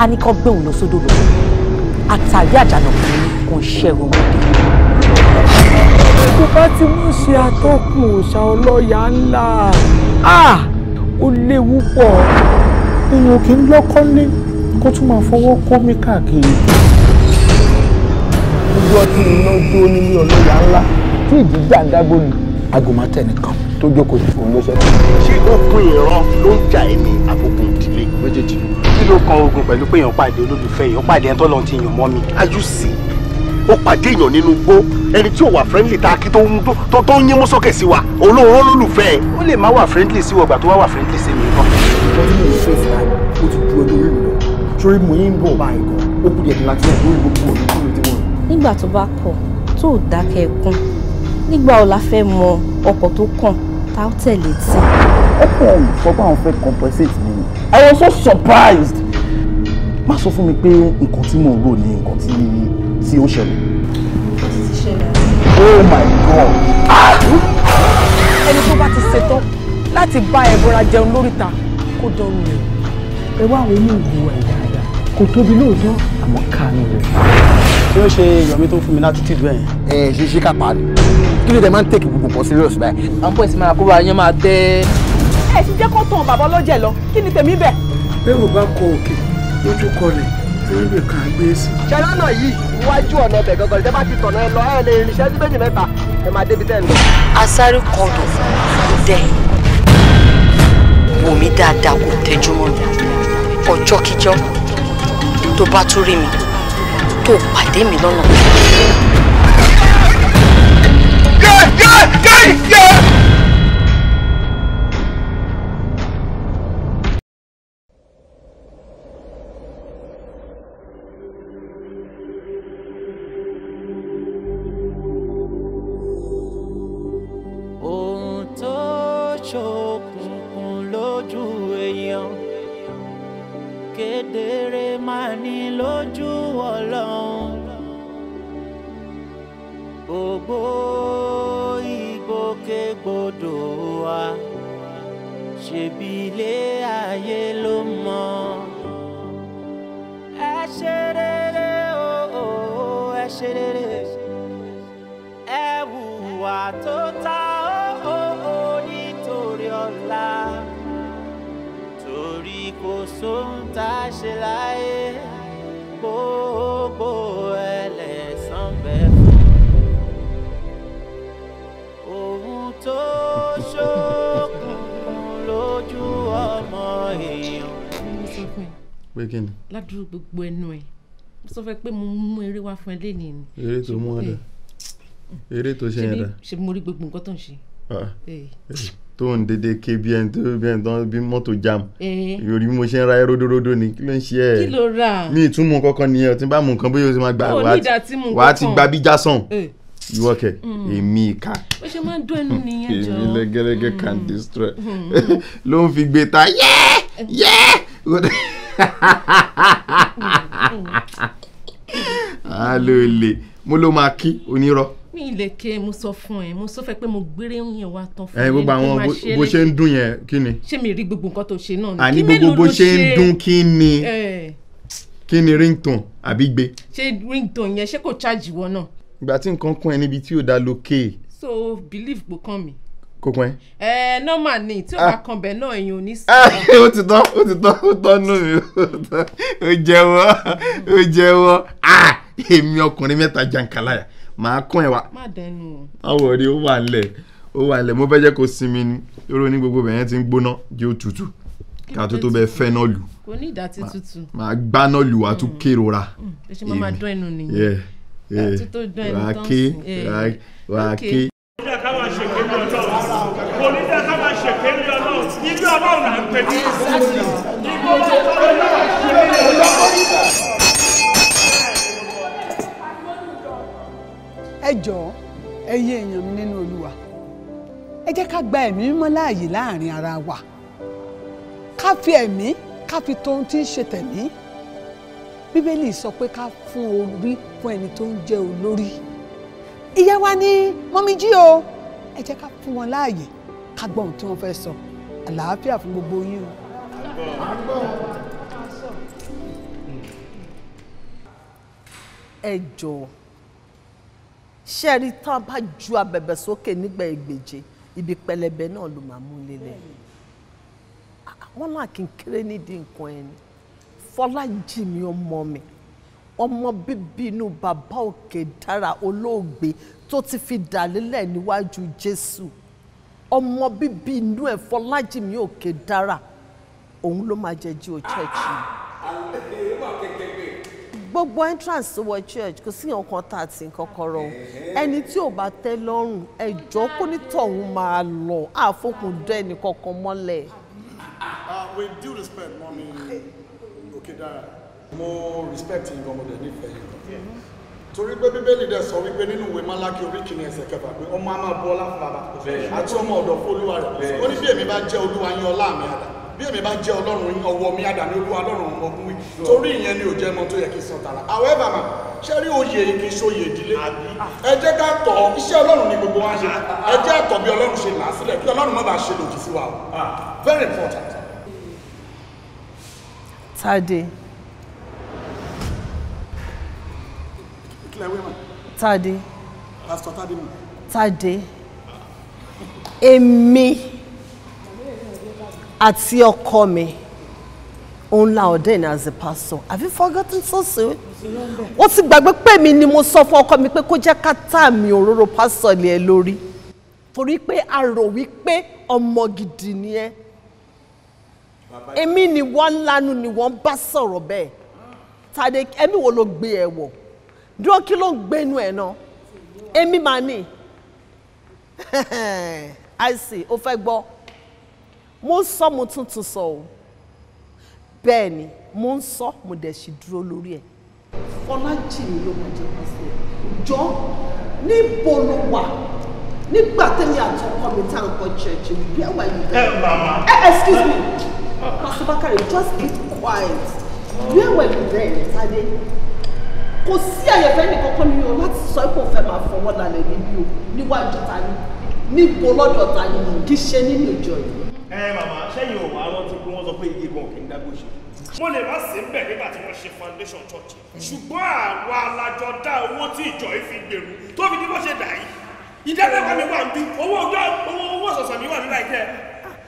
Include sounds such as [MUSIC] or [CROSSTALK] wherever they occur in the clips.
a ní kọ́ gbé òun lọ sódò lọ àtàrí àjànà kò ń ṣẹ̀rù ọmọdé. kò bá ti mú ṣe atọ́kùn òòṣà ọlọ́yà ńlá. Ah, ó léwu pọ̀ èèyàn kì í lọ́kọ́ lé kó tún máa fọwọ́ kó mi káàkiri. ojú ọtí iná dúró nílé ọlọ́yà ńlá tí ìjì jàǹdágbòlì agomata nìkan tó jókòó sí òun ló ṣe. ṣé ogun ìran ló ń jà ẹni àbùkù ìdílé méjèèjì. kí ló kan ogun pẹ̀lú pé èèyàn pàdé olólùfẹ́ èèyàn pàdé ẹni tó lọ́n ti yàn mọ́ mi. ajú sí i ó pàdé èèyàn nínú igbó ẹni tí ò wà friendly tá a kí tó ń tó tó ń yín mú sókè sí wa olóòórùn lólùfẹ́ ó lè má wà friendly sí wọgbà tó wá wà friendly sí mi nǹkan. mo ní ìfẹ́ ìsìláì ó ti bu ẹni orí mi lọ sórí mo yín bọ̀ báyìí gan ó kú díẹ̀ láti náà lórí gbogbo òní kúrò tí mo nígbà tó bá kọ tó dákẹ́ ẹkún nígbà ò la fẹ́ mọ ọkọ̀ tó kàn tá ó tẹ̀lé tí. ó kàn olùfọ́gbà àwọn fẹ́ compensate mi I was so surprised má sọ fún mi pé nǹkan tí mò ń rò ní nǹkan tí ó ṣẹlẹ̀ oh my god. ẹni tó bá ti ṣetán láti bá ẹ̀bọra jẹun lóríta kó dánwò rẹ̀. ẹ wá àwọn onígun ẹ̀ dáadáa kò tóbi lóòótọ́ àmọ́ káàánú rẹ̀. ṣé ó ṣe yọmí tó fún mi látítìdú ẹ̀. ẹ ṣe ṣe ká parí kí ló dé máa ń tèkì gbogbo nǹkan serious báyìí. à ń pọ̀ ìsinmi àkóbá yẹn máa tẹ́. ẹ ti jẹ́ kó tan bàbá ọlọ́jẹ̀ lọ kí ni tèmi bẹ̀. bẹ́ẹ̀ ò bá kọ òkè lójú kọlẹ̀ níbi kan àgbèsí. ṣẹlánà yìí iwájú ọ̀nà ọbẹ̀ gangan tẹ́ bá ti tọ̀nà ẹ lọ ẹ lè rìn iṣẹ́ méjì mẹ́ta ẹ máa débi tẹ́ asáré kọdọ dẹ wò dáadáa kò tẹjú mọ́ mi ọjọ́kíjọ́ tó bá tún rí mi tó pàdé mi lọ́nà. Yeah, yeah, yeah, yeah! pé mo mú eré wá fún ẹ lẹ́nìí ni. eré tó mú ọdọ eré tó ṣe yẹn dá. ṣe mo rí gbogbo nǹkan tó ń ṣe. Ah. Eh. Eh, tó ń dédé ké bí ẹni tó bí ẹni tó bí mọ́tò jam yorí eh. mo ṣe ń ra ẹ ródóródó ni kí ló ń ṣe ẹ. kí ló rà. mi ì tún mú kankan nìyẹn tí n bá mú nǹkan bóyá o ti máa gbà wá á ti gba bí jásán ìwọ kẹ mm. èmi ìka. ó ṣe máa ń dún ẹnu nìyẹn jọ. èmi lẹgẹlẹgẹ mm. can destroy mm. [LAUGHS] ló ń fi gbé ta yẹ yẹ alo le mo ló máa kí onírọ́. mi ì lè ké mo sọ fún ẹ mo sọ fẹ pé mo gbére ń yẹn wá tán fún mi. gbogbo àwọn bó ṣe ń dún yẹn kí ni. ṣé mi rí gbogbo nǹkan tó ṣe náà ni. àní gbogbo bó ṣe ń dún kí ni kí ni ringtone àbí gbé. ṣé ringtone yẹn ṣé kò ṣáàjì wọ náà. ìgbà tí nǹkan kún ẹ níbi tí ò dá lókè. so believe gbọ́kàn mi kò pẹ́. ẹ nọ́mà ni tí o bá ah. kan bẹ̀ náà èèyàn ò ní sí. [LAUGHS] Ah, ó ti tán ó ti tán ó tán nù mí ó jẹ́wọ́ o jẹ́wọ́ ah, èmi ọkùnrin mẹ́ta jàǹkàláyà màá kún ẹ wá. má dẹnu o. awọ rí ó wà lẹ ó wà lẹ mo fẹ́ jẹ́ kó sinmi ni irú ní gbogbo bẹ̀yẹn ti ń gbóná jẹ́ ó tutù ká tó tó bẹ fẹ́ náà lù. kò ní ìdá ti tutù. màá gbá náà lù wá tún mm. kérora. ó mm. ẹ ẹ wàá ké eh, wàá ké onídàá ká máa ṣèké ní ọlọ́run onídàá ká máa ṣèké ní ẹ jọ̀ọ́ ẹ yé èèyàn mi nínú olúwa ẹ jẹ́ ká gba ẹ̀mí mímọ́ láàyè láàrin ara wa ká fi ẹ̀mí ká fi tóun tí ń ṣe tẹ̀mí bíbélì sọ pé ká fún orí fún ẹni tó ń jẹ́ olórí ìyá wa ní mọ́mí jí o ẹ jẹ́ ká fún wọn láàyè ká gbọ́ ohun tí wọ́n fẹ́ sọ àlàáfíà fún gbogbo yín o. ẹ jọ̀ọ́ ṣẹ́ẹ̀rí tá a bá ju abẹ̀bẹ̀ sókè nígbà ẹgbẹ̀je ibi pẹlẹbẹ náà ló máa mú lélẹ̀ wọn náà kì í kéré nídìí nǹkan ẹni Fọlájìmí ọmọ mi ọmọ bíbí inú bàbá òkè dára olóògbé tó ti fi dà lélẹ̀ níwájú Jésù ọmọ bíbí inú ẹ̀ Fọlájìmí òkè dára òun ló máa jẹ jí o church yìí. gbogbo entrance wọ church kò sí nǹkan tá a ti ń o ẹni tí ò bá tẹ́ lọ́rùn ẹ̀jọ́ kó ní tọ̀hún máa lọ àfokùn dẹ́ ẹnì kankan mọ́lẹ̀. Ah, ah, with due respect mọ́mí òkè dára mo respect yín gan mo dẹ̀ torí pé bíbélì dẹ̀ sọ wípé nínú ìwé málákì orí kìíní kẹfà pé ọmọ a máa bu àti ọmọ ọ̀dọ̀ fún olúwa ó ní bí èmi bá jẹ́ olúwa yín ọlá mi àdá bí èmi bá jẹ́ ọlọ́run ọwọ́ mi àdá ní olúwa ọlọ́run ọmọkùn wí torí ìyẹn ni ò jẹ́ ọmọ tó yẹ kí n san tara however ma ṣé rí oyè kì í ṣoyè ìdílé ẹ jẹ́ ká tọ̀ iṣẹ́ ọlọ́run ni gbogbo wa ṣe ah. ẹ jẹ́ àtọ̀ bí ọlọ́run ṣe là á sílẹ̀ kí ọlọ́run má bàa ṣe lòdì sí wa o ah. very important. Tade kílẹ̀ wẹ́mà. Tade. pásítọ̀ Tade mu. Tade èmi àti ọkọ mi òun la ordain as a pastor have you forgotten so soon wọ́n ti gbàgbé pé mi ni mo sọ fún ọkọ mi pé kó jẹ́ ká tá mi òróró pásítọ̀ lé ẹ lórí torí pé a rò wípé ọmọ gidi ni ẹ èmi ni wọ́n lanu ni wọ́n bá sọ̀rọ̀ bẹ́ẹ̀ tàdé ẹ̀mí wo ló gbé ẹ wọ̀ dúró kí ló ń gbénu ẹ̀ náà èmi máa ní [LAUGHS] i see o fẹ́ gbọ́ mo ń sọ mo tuntun sọ o bẹ́ẹ̀ ni mo ń sọ mo dẹ̀ sì dúró lórí ẹ̀. Fọlájìmí ló máa jẹ pàṣẹ jọ níbo ló wà nígbà tẹ́lẹ̀ àtọkọ mi tá à ń kọ church where were you there. ẹ mama. ẹ eh, excuse me Pastor Bakari, just keep quiet where were you there eh, Tade kò sí àyẹ̀fẹ́ nìkan kan nínú láti sọ pé kò fẹ́ máa fọwọ́ lálẹ́ níbi o níwájú ta ni níbo lọ́dọ̀ ta ni kì í ṣe nínú ìjọ yìí. ẹ màmá sẹ́yìn òun àwọn ti kú wọ́n sọ pé igun kì í dágbó ṣe. mo lè má sí bẹ̀ nígbà tí wọ́n ṣe foundation church ṣùgbọ́n àwa alájọ dá owó tí ìjọ yìí fi gbèrú tó fi ní bó ṣe dà yìí ìdẹ́gbẹ̀kọ́ mi wà ń bí owó ọ̀sọ̀ọ̀sẹ̀ mi wà nílà ìkẹ́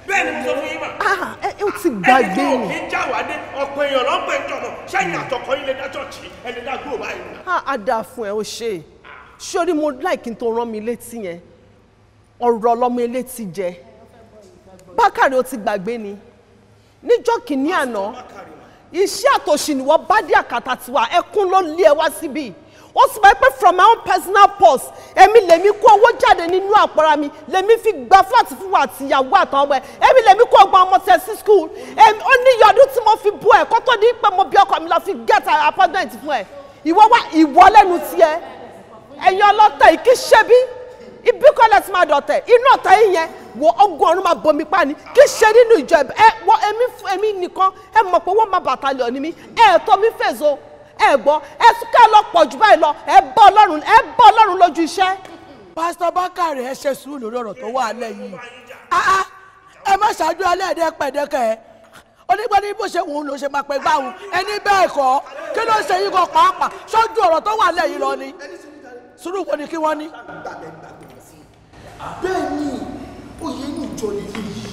bẹ́ẹ̀ ni mo sọ fún yín mà. Ah, ẹni tó kì í já wá dé ọ̀pọ̀ èèyàn ló ń pè sẹ́yìn àtọkọ ilé dá chọ́ọ̀chì ẹni dá gbòòbá yìí. Ah, a da fún ẹ o ṣe sórí mo láìkí tó rán mi létí yẹn ọ̀rọ̀ ọlọ́mọ elétí jẹ bákàrẹ́ o ti gbàgbé ni níjọ́ kìíní àná iṣẹ́ àtòṣì ni wọ́n bá dé àkàtà tiwa ẹkún ló lé ẹ wá síbí ó sì máa pé from my own personal purse èmi lèmi kó owó jáde nínú àpárá mi lèmi fi gba fúláàtì fún wa àti ìyàwó àtàwọn ọmọ ẹ èmi lèmi kó ọgbà ọmọ tẹ sí school èmi ó ní ìyọdún tí mo fi bú ẹ kó tó di pé mo bí ọkọ mi lọ fi get apartment fún ẹ ìwọ wá ìwọ lẹ́nu tiẹ̀ ẹ̀yin ọlọ́tẹ̀ ìkí ṣebí ibi kọ́lẹ̀ tí máa dọ̀tẹ̀ inú ọ̀tẹ̀ yìí yẹn wo ọgùn ọ̀run máa bomi pa ni kí ṣe nínú ìjọ ẹ wọ èmi nìkan ẹ mọ̀ pé wọ́n máa bàtà lẹ̀ ọ́ ni mi ẹ̀ tọ́ mi fèzo ẹ gbọ́ ẹ súnkẹ́ lọ pọ̀ jù báyìí lọ ẹ bọ́ ọlọ́run ẹ bọ́ ọlọ́run lójú iṣẹ́. pásítọ̀ bákàrẹ̀ ẹ ṣe sùúrù lórí ọ̀rọ̀ tó wà á lẹ̀ yìí ah, ah, ẹ má ṣáájú alẹ́ ẹ̀dẹ́ pẹ̀dẹ́kẹ́ onígbà ní bó ṣe wùn ló ṣe máa pẹ́ gbà wùn ẹni bẹ́ẹ̀ kọ́ kí ló ń ṣe yín kan pàápàá ṣojú ọ̀rọ̀ tó wà lẹ́yìn lọ ni sùúrù wo ni kí wọ́n ní. bẹ́ẹ̀ ni oyè inú ìjọ nìyí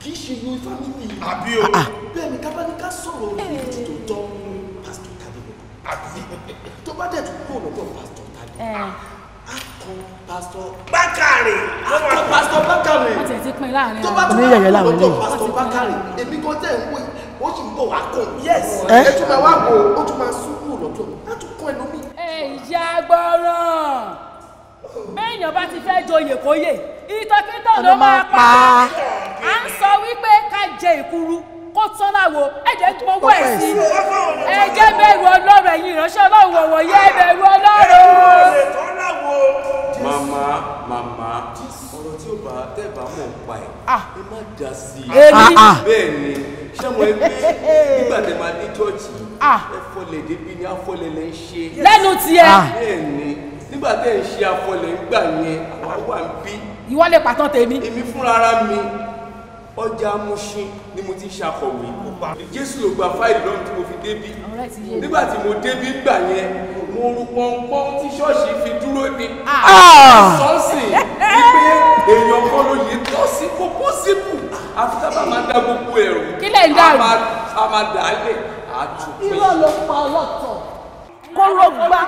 kì í ṣe inú ifá mímì. àbí o. bẹ́ẹ̀ ni kábàáníká sọ̀rọ̀ ní ìdí tó tọ́ àbí tó bá dẹ̀ tún kúrò lọ́dọ̀ pásítọ̀ tálẹ̀ akọ pásítọ̀ bákàrè akọ pásítọ̀ bákàrè tó bá tún kúrò lọ́dọ̀ pásítọ̀ bákàrè èmi kan tẹ̀ ń wò ó sì ń bọ̀ wá kàn yẹ́sì ẹ tún máa wá wò ó tún máa sún kúrò lọ́dọ̀ láti kọ́ ẹ lómi. ẹ ìyá gbọ́ràn béèyàn bá ti fẹ́ joyè kóyè ìtọ́kítọ̀ ló máa pa á ń sọ wípé ká jẹ ìkuru kó tán láwo ẹ̀jẹ̀ tó wọ ẹ̀ sí ẹ̀jẹ̀ bẹ̀rù ọlọ́run ẹ̀yin ìránṣẹ́ ọlọ́run yẹ bẹ̀rù ọlọ́run. màmá màmá ọ̀rọ̀ tí ó bá tẹ́ bá mọ̀ pa ẹ̀ ah. ẹ má dà sí i ah, ah. bẹ́ẹ̀ ni ṣé mo ẹbí nígbà tẹ máa dé chọ́ọ̀chì ẹfọlẹ̀ débi ni afọlẹ̀ lẹ́ ń ṣe. lẹ́nu tiẹ̀. bẹ́ẹ̀ ni nígbà tẹ́ ń ṣe afọlẹ̀ ń gbà yẹn àwa wà ń bí. ìwọ lè pàtàn tèmi. èmi fúnra ara mi ọjà amúṣin ni mo ti ń ṣàkọ̀wé jésù ló gba fáìlì lọ́run tí mo fi débí nígbà tí mo débí gbà yẹn mo ru pọ́npọ́n tí ṣọ́ọ̀ṣì fi dúró ní ah! sọ́ọ̀sì wípé èèyàn kan ló yẹ tọ́ sí kó pọ́sibù àfi sábà máa dá gbogbo ẹ̀rù a máa dà á lẹ̀ àtúnpé. irọ́ ló pa ọlọ́tọ̀ kó ló gbá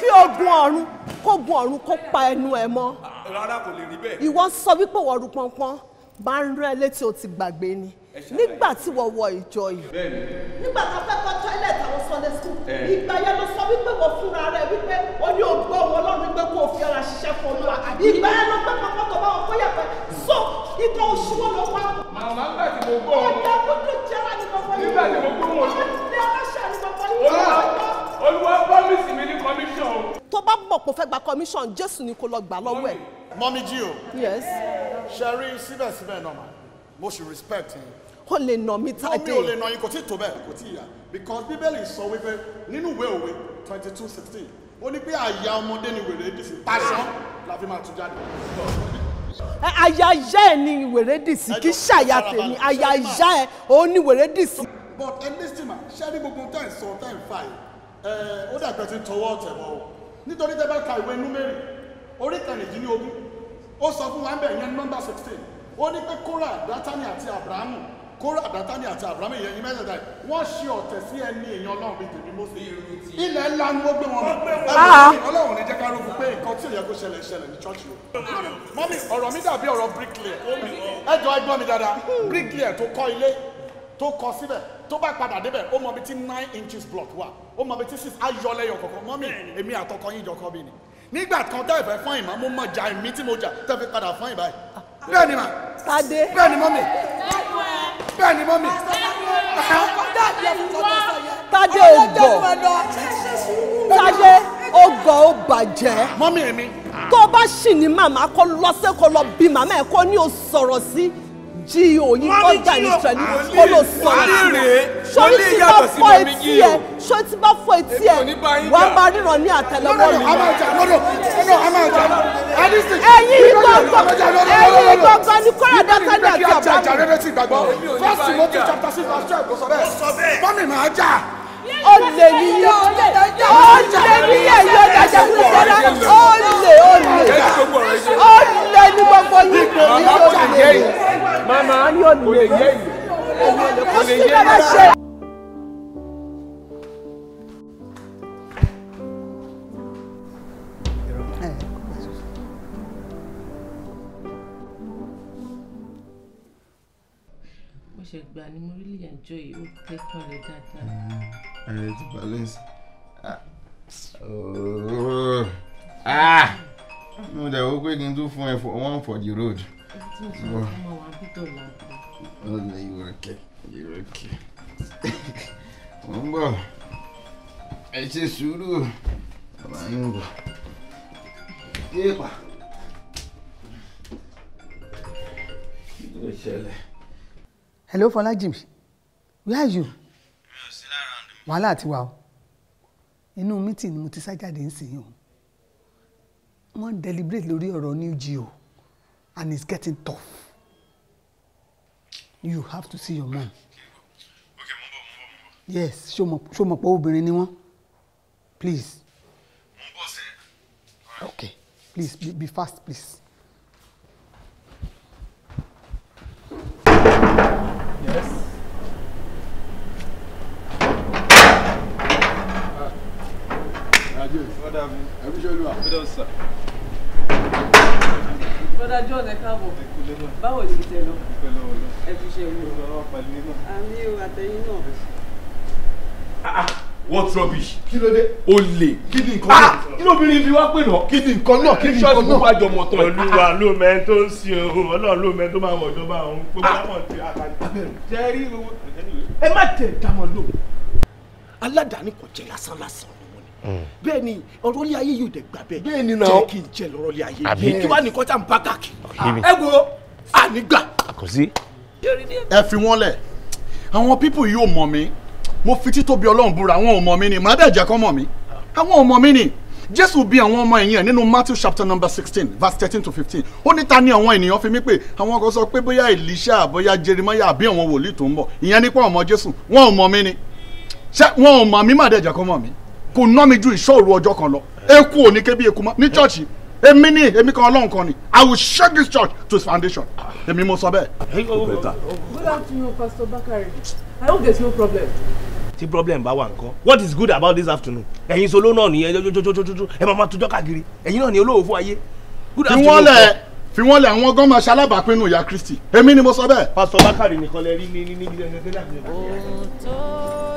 kí ogun ọ̀run kó ogun ọ̀run kó pa ẹnu ẹ̀ mọ́ ìwọ sọ wípé wọ́n ru pọ́npọ́n bá ń rán ẹ létí o ti gbàgbé ni nígbà tí wọ́n wọ ìjọ yìí. nígbà tó fẹ́ kọ́ toilet àwọn sunday school ìgbà yẹn ló sọ wípé wọ́n fúnra rẹ̀ wípé ó ní ògbó wọn lọ́rùn pé kó o fi ara ṣiṣẹ́ fún olúwa ìgbà yẹn ló pẹ́ pọ́pọ́ tó bá wọn kọ́ yẹ̀pẹ̀ so ikọ̀ oṣù wọn ló wá. màmá ńgbà tí mo gbọ́ wọn. ọ̀dà kúndú jẹ́ra ni gbogbo yìí. nígbà tí mo gbọ́ wọn. ọ̀dà aláṣà ni gbogbo yìí. olúwa promise mi ní commission. tó bá mọ̀ pé fẹ́ gba commission jésù ni kó lọ gbà lọ́wọ́ ẹ̀. mọ́mí jí o. yes. Yeah ṣe rí síbẹ̀síbẹ̀ náà ma mo ṣì respect yín. ó lè nà mí tá a dé. ó mi ò lè nà yín kò tí ì tó bẹ́ẹ̀ kò tí ì yà because bíbélì sọ wípé nínú ìwé òwe twenty two sixteen ó ní pé àyà ọmọdé ni wèrè dì sí pàṣán la fi máa tú jáde. àyà ìyá ẹ ni wèrè dì sí kì í ṣàyà tèmi àyà ìyá ẹ òun ni wèrè dì sí. but ẹ ní stima ṣé ní gbogbo ten sọ ten five ẹ ó dàgbẹ́ ti tọwọ́ ọ̀tẹ̀ bọ̀ nítorí tẹ bá ka ìwé númẹ́rì orí kẹrìndínlógún ó sọ fún wa ń bẹ̀ yẹn nọ́mbà sixteen ó ní pé kóra dátánì àti abrahamu kóra dátánì àti abrahamu ìyẹn yín mẹ́tẹ̀ẹ̀ta wọ́n ṣe ọ̀tẹ̀ sí ẹni èèyàn ọlọ́run bíi tèmi mọ́sí ilẹ̀ ńlá ni wọ́n gbé wọn ah. ọlọ́run ní jẹ́ ká rúkú pé nǹkan tí ò yẹ kó ṣẹlẹ̀ ṣẹlẹ̀ ní chọ́ọ̀chì o mọ́mí ọ̀rọ̀ mi dàbí ọ̀rọ̀ bricklayer ẹ ẹgbọ́n mi dáadáa bricklayer tó kọ́ ilé tó kọ́ síbẹ̀ tó bá padà débẹ̀ ó mọ ibi tí nine inches block wà ó mọ ibi tí six ayọ̀lẹ́yọ̀ kọ̀ọ̀kan mọ́mí èmi àtọkọ yín jọkọ bí ni nígbà kan tẹ́ ìfẹ́ fún ìmọ̀ mo mọ̀ jà mí tí mo jà tẹ́ fi padà fún ìbáyìí ah, ah. bẹ́ẹ̀ ni mà bẹ́ẹ̀ ni mọ́mì bẹ́ẹ̀ ni mọ́mì tade ogbọ tade ogbọ ó bàjẹ́. mọ́mì mi. tó o bá ṣì ní màmá kó lọ sí lọ bí màmá ẹ̀ kó ní o sọ̀rọ̀ sí. Si jí òyìn kọjá ìṣẹ̀lú kó ló sọ̀rọ̀ sọ́rí tí bá fọ́ etí ẹ̀ sọ́rí tí bá fọ́ etí ẹ̀ wà á máa ríran ní àtẹ́lẹwọ́ mi. ẹ̀yin gbọ́ngàn ẹ̀yin gbọ́ngàn ní kọ́ra dátẹ́lẹ̀ àti ọ̀bá mi. fọ́ọ̀mì máa jà olè ni yẹ olè ni yẹ yọ dada kúndara olè olè olè ni gbogbo yìí kò ní lọ sí màmá ni ò ní lè yẹ yìí kò lè yẹ yìí. ṣe gbà ni mo really enjoy ó tẹ́kàn rẹ̀ mm-hmm. eh, balance ah. Ah. Ah. mo dẹ̀ wọ́n pé kí n tún fún one for the road. Ọlẹ ìrọ̀kẹ́ ìrọ̀kẹ́. Wọ́n ń bọ̀. Ẹ ṣe sùúrù. Bàbá ń bọ̀. Yéèpà. Kí ṣẹlẹ̀? Hello Fọlájìmí, where are you? Mi ò sí lára ọ̀dùn. Wàhálà ti wà o. Inú mítìn ni mo ti sá jáde ń sìn yìí o. Wọ́n deliberate lórí ọ̀rọ̀ New Geo and it's getting tough. You have to see your man. Okay, mo ń bọ̀, mo ń bọ̀, mo Yes, ṣó mọ̀ pé obìnrin ni wọ́n. Please. Okay, please be, be fast, please. Yes. Adieu. Ah. What have you? I wish you well. Good afternoon, sir. Brother John ẹ káàbọ̀. Báwo ni ìtẹ̀ lọ? Ẹ fi ṣe wò. Àmì o àtẹ̀yìn náà. Ah, ah, what rubbish? Kí ló dé? O lè. Kí ni nǹkan ah, náà? Kí lóbìnrin fi wá pè náà? Kí ni nǹkan náà? Kí ni nǹkan náà? Ṣọ́ọ̀ṣì gbogbo àjọmọ̀ tán. Olúwa ló mẹ́ tó ń sin o, Ọlọ́run ló mẹ́ tó máa wọ̀ ìjọba òun. Gbogbo àwọn ti àkàndé. Jẹ́rí owó. Ẹ má tẹ̀ dámọ̀ lò. Aládàáni kò jẹ́ lásán lásán bẹ́ẹ̀ ni ọ̀rọ̀ ilé ayé yóò dẹ̀ gbà bẹ́ẹ̀ bẹ́ẹ̀ ni náà jẹ́ kí n jẹ́ lọ́rọ̀ ilé ayé yìí kí wàá ní kọjá ń bá káàkiri ẹ wo ànígbà. ẹ fi wọn lẹ àwọn pípù yìí ò mọ mi mo fi títóbi Ọlọ́run búra àwọn ò mọ mi ni màá dẹ̀ jẹ́ kọ́ mọ̀ mi àwọn ò mọ mi ni jésù bí àwọn ọmọ ẹ̀yìn ẹ̀ nínú matthew chapter number sixteen verse thirteen to fifteen ó ní ta ni àwọn ènìyàn fi mí pé àwọn kan sọ pé bóyá elisha bóyá jeremiah àbí àwọn wòlíì tó ń bọ̀ ìyẹn nípa ọmọ jésù wọn ò mọ mi ni wọn ò mọ mi má dẹ̀ kọ́ mọ̀ mi kò ná mi ju ìṣòro ọjọ́ kan lọ eku ò ní eku mọ́ ní chọ́ọ̀chì èmi ni èmi kan ọlọ́run kan ni i will shake this church to its foundation èmi mo sọ bẹ́ẹ̀. good afternoon pastor Bakari. i hope there is no problem. tí problem bá wà nǹkan what is good about this afternoon ẹ̀yin solo náà nìyẹn jójójójójó ẹ máa ma tójọ́ káàkiri ẹ̀yin náà ni olówó fún ayé. good afternoon. fi wọ́n lẹ̀ fi wọ́n lẹ̀ àwọn gan máa ṣe alábàápinnu ìyá kristi èmi ni mo sọ bẹ́ẹ̀. pastor bakare nìkan lè rí ní ní ní ní ní ní ní ní ní ní ní ní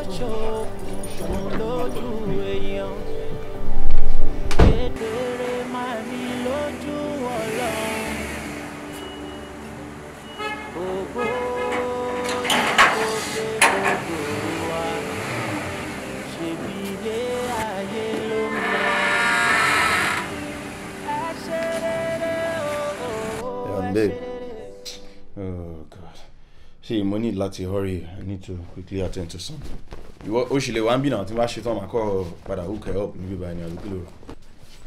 ní ní ní dùn lójú ṣe mo need láti hurry i need to quickly attend to some. ìwọ o ṣì lè wá ń bì náà tí n bá ṣe tán màá kọ́ padà hook ẹ̀ up níbi báyìí ní àdúgbò rẹ̀.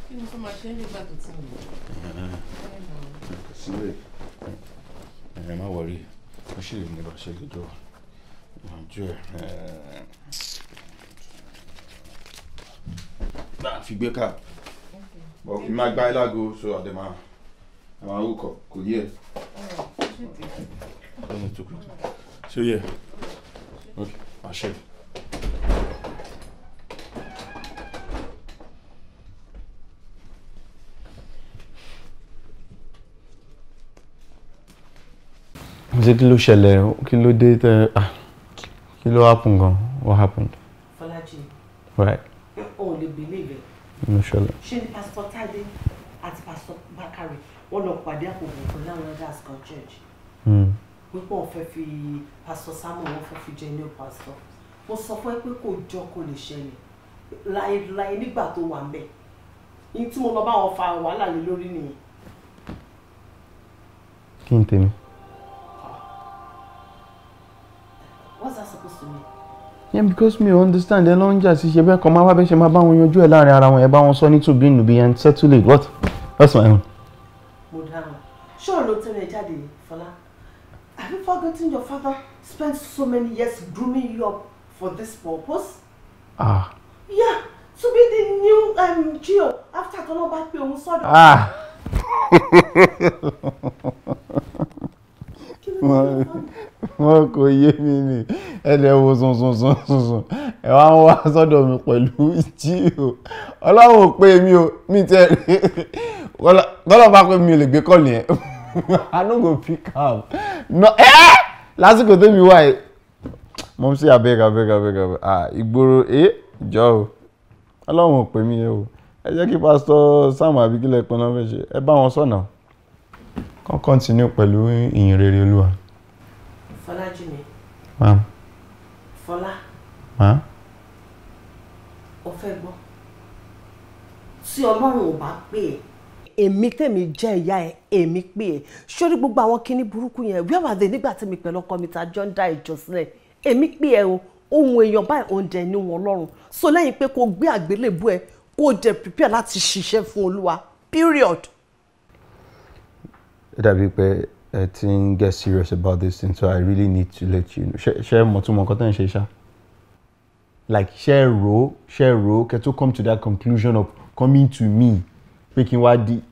kí ni fún ma ṣe ń lè gbà tó ti mú. sílẹ̀ ẹ̀ má wọrí o ṣì lè ní bá ṣe lè jọ ìrànjú ẹ̀. náà fi gbé ká bọ̀ fi máa gbá ẹ lágo so àdèmà àwọn awúkọ̀ kò yẹ. Don't too close. So yeah. Okay, I'll share. ṣe kí ló ṣẹlẹ̀ kí ló dé ah kí ló happen what happened. Fọlájì. right. o ò lè believe it. mo ṣọlẹ. ṣé ni pastor Tade àti pastor Bakare wọn lọ pàdé àpòbò kan láwọn elders kan church. Hmm wípé wọ́n fi pásítọ̀ Samuel wọ́n fẹ́ fi jẹ ní pásítọ̀ mo sọ fún ẹ pé kò jọ kò lè ṣẹlẹ̀ láéláé nígbà tó wà ńbẹ̀ ní tí mo lọ bá wọn fa wàhálà lé lórí nìyẹn. kí n tèmi. Ah. what's that supposed to mean. yeah because me, ò understand ẹ ló ń jà sí ṣe bẹ́ẹ̀ kan máa wá bẹ́ẹ̀ ṣe máa bá wọn yanjú ẹ̀ láàrin ara wọn ẹ bá wọn sọ ní tùbí nùbí and settle it what that's my own. mo dáhùn ṣé ọ̀rọ̀ jáde yìí forgotten your father spent so many years grooming you up for this purpose? Ah. Yeah, to be the new um, Gio after Toloba pe òun Ah. wọn kò yé mi ni ẹlẹ wo sunsun sunsun sun ẹ wá ń wá sọ́dọ̀ mi pẹ̀lú Gio Ọlọ́run ò pé mi ò mi tẹ Ọlọ́run bá pé mi ò lè gbé kọlì yẹn. [LAUGHS] i no go pick am no eh lásìkò tẹ́mi wá ẹ̀ mọ̀ sí abeg abeg abeg abeg ah ìgboro eh jọ o ọlọ́run ò pè mí o ẹ jẹ́ kí pásítọ̀ sam abikilẹ̀ pinnu fẹ́ ṣe ẹ bá wọn sọ̀nà. kàn kọ́ntínú pẹ̀lú ìyìn rere olúwa. fọlá jùmí. maam. fọlá. maam. o fẹ́ gbọ́ tí ọlọ́run ò bá pè é èmi tèmi jẹ́ ìyá ẹ̀ èmi pè é sórí gbogbo àwọn kinní burúkú yẹn wíwà wà dé nígbà tí mi pẹ̀lú ọkọ mi ta jọ ń dá ìjọ èmi pè é o ohun èèyàn báyìí oúnjẹ ní wọn lọ́rùn so lẹ́yìn pé kó gbé àgbélébú ẹ kó dẹ̀ prepare láti ṣiṣẹ́ fún olúwa period. ó dàbí pé ẹ ti ń get serious about this thing so i really need to let you know ṣe ẹ mọ̀ tún mọ̀ nǹkan tó ń ṣe ṣá like ṣe ro ṣe ro kẹ tó come to that conclusion of coming to me pé kí n wá di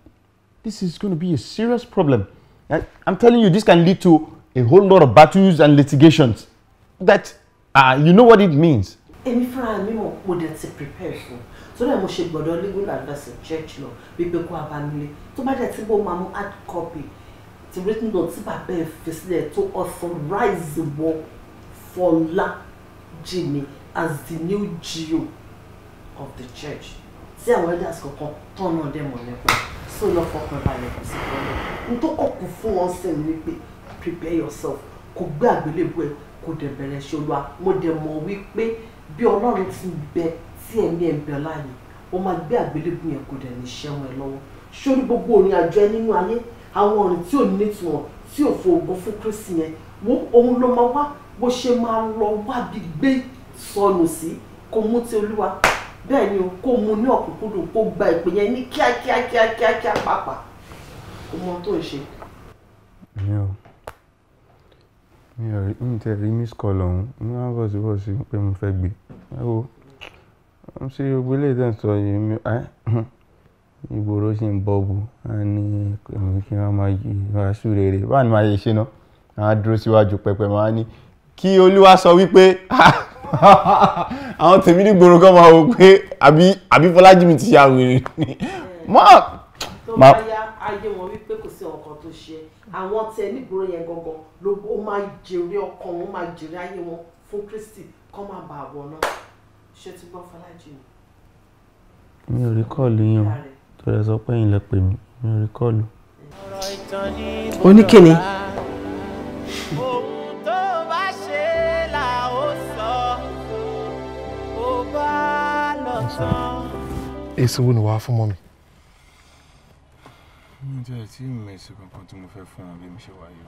this is going to be a serious problem. I, I'm telling you, this can lead to a whole lot of battles and litigations. That, uh, you know what it means. Èmi fúnra mi mọ̀ kó dẹ̀ ti prepare fún so that mo ṣe gbọ́dọ̀ legal advice church lọ wípé kó abánilé tó bá dẹ̀ tí bó máa mú hard copy ti written down tí bàbá ẹ̀ fi sílẹ̀ tó authorize wọ Fọlájìmí as the new GO e of the church tí àwọn elders kọ̀ọ̀kan tán náà dẹ̀ mọ̀ nípa so lọ fọkàn balẹ̀ kò sí fọlọ́ n tó kọ̀ kù fún wọn sìn ní pé prepare yourself kò gbé àgbélébùú ẹ kò dẹ̀ bẹ̀rẹ̀ ṣe olúwa mo dẹ̀ mọ̀ wípé bí ọlọ́run ti bẹ tí ẹ̀mí ẹ̀ ń bẹ láàyè ó máa gbé àgbélébùú yẹn kò dẹ̀ ní ṣẹ́wọ̀n ẹ lọ́wọ́ sórí gbogbo orin àjọ ẹ nínú ayé àwọn orin tí ò ní ìtumọ̀ tí ò fo ògo fún kristi yẹn òun ló máa wá bó ṣe máa lọ wábi gbé sọnù sí kó mú ti olúwa bẹ́ẹ̀ ni o kó mu ní ọ̀kúnkúndùn kó gba ìpè yẹn ní kíákíá kíákíá kíá pàápàá kó mọ tó ń ṣe. mi ò mi ò rí mi tẹ rí miss call ọ̀hún mi máa ń bọ̀ sí bọ̀ sí pé mo fẹ́ gbé ẹ wo n ṣe gbogbo ilé ìtàn sọ yìí mi ẹ ìgboro ṣì ń bọ́ọ̀bù á ní èmi kí wọ́n máa yí wàásù rere báwo ni màá ṣe ṣe náà á dúró síwájú pẹpẹ màá ní kí olúwa sọ wípé ha. Ah, [LAUGHS] àwọn tèmi ní gbòòrò kan máa wò pé àbí àbí Fọlájìmí ti ya wèrè ni. [LAUGHS] tó bá yá ayé wọn wípé kò sí ọkàn tó ṣe àwọn tẹ nígboro yẹn gangan ló máa jèrè ọkàn wọn máa jèrè ayé wọn fún Kristi kọ́ máa bà wọ̀ náà ṣé ti gbọ́ Fọlájìmí. mi ò rí kọ́ọ̀lù yín o tó rẹ sọ pé ẹ̀yin lẹ pè mí mi ò rí kọ́ọ̀lù. oníkìní. èsì wo ni wàá fún mọ́ mi. mi ò tiẹ̀ tí kankan tí mo fẹ́ fún wọn bí mo ṣe wà yìí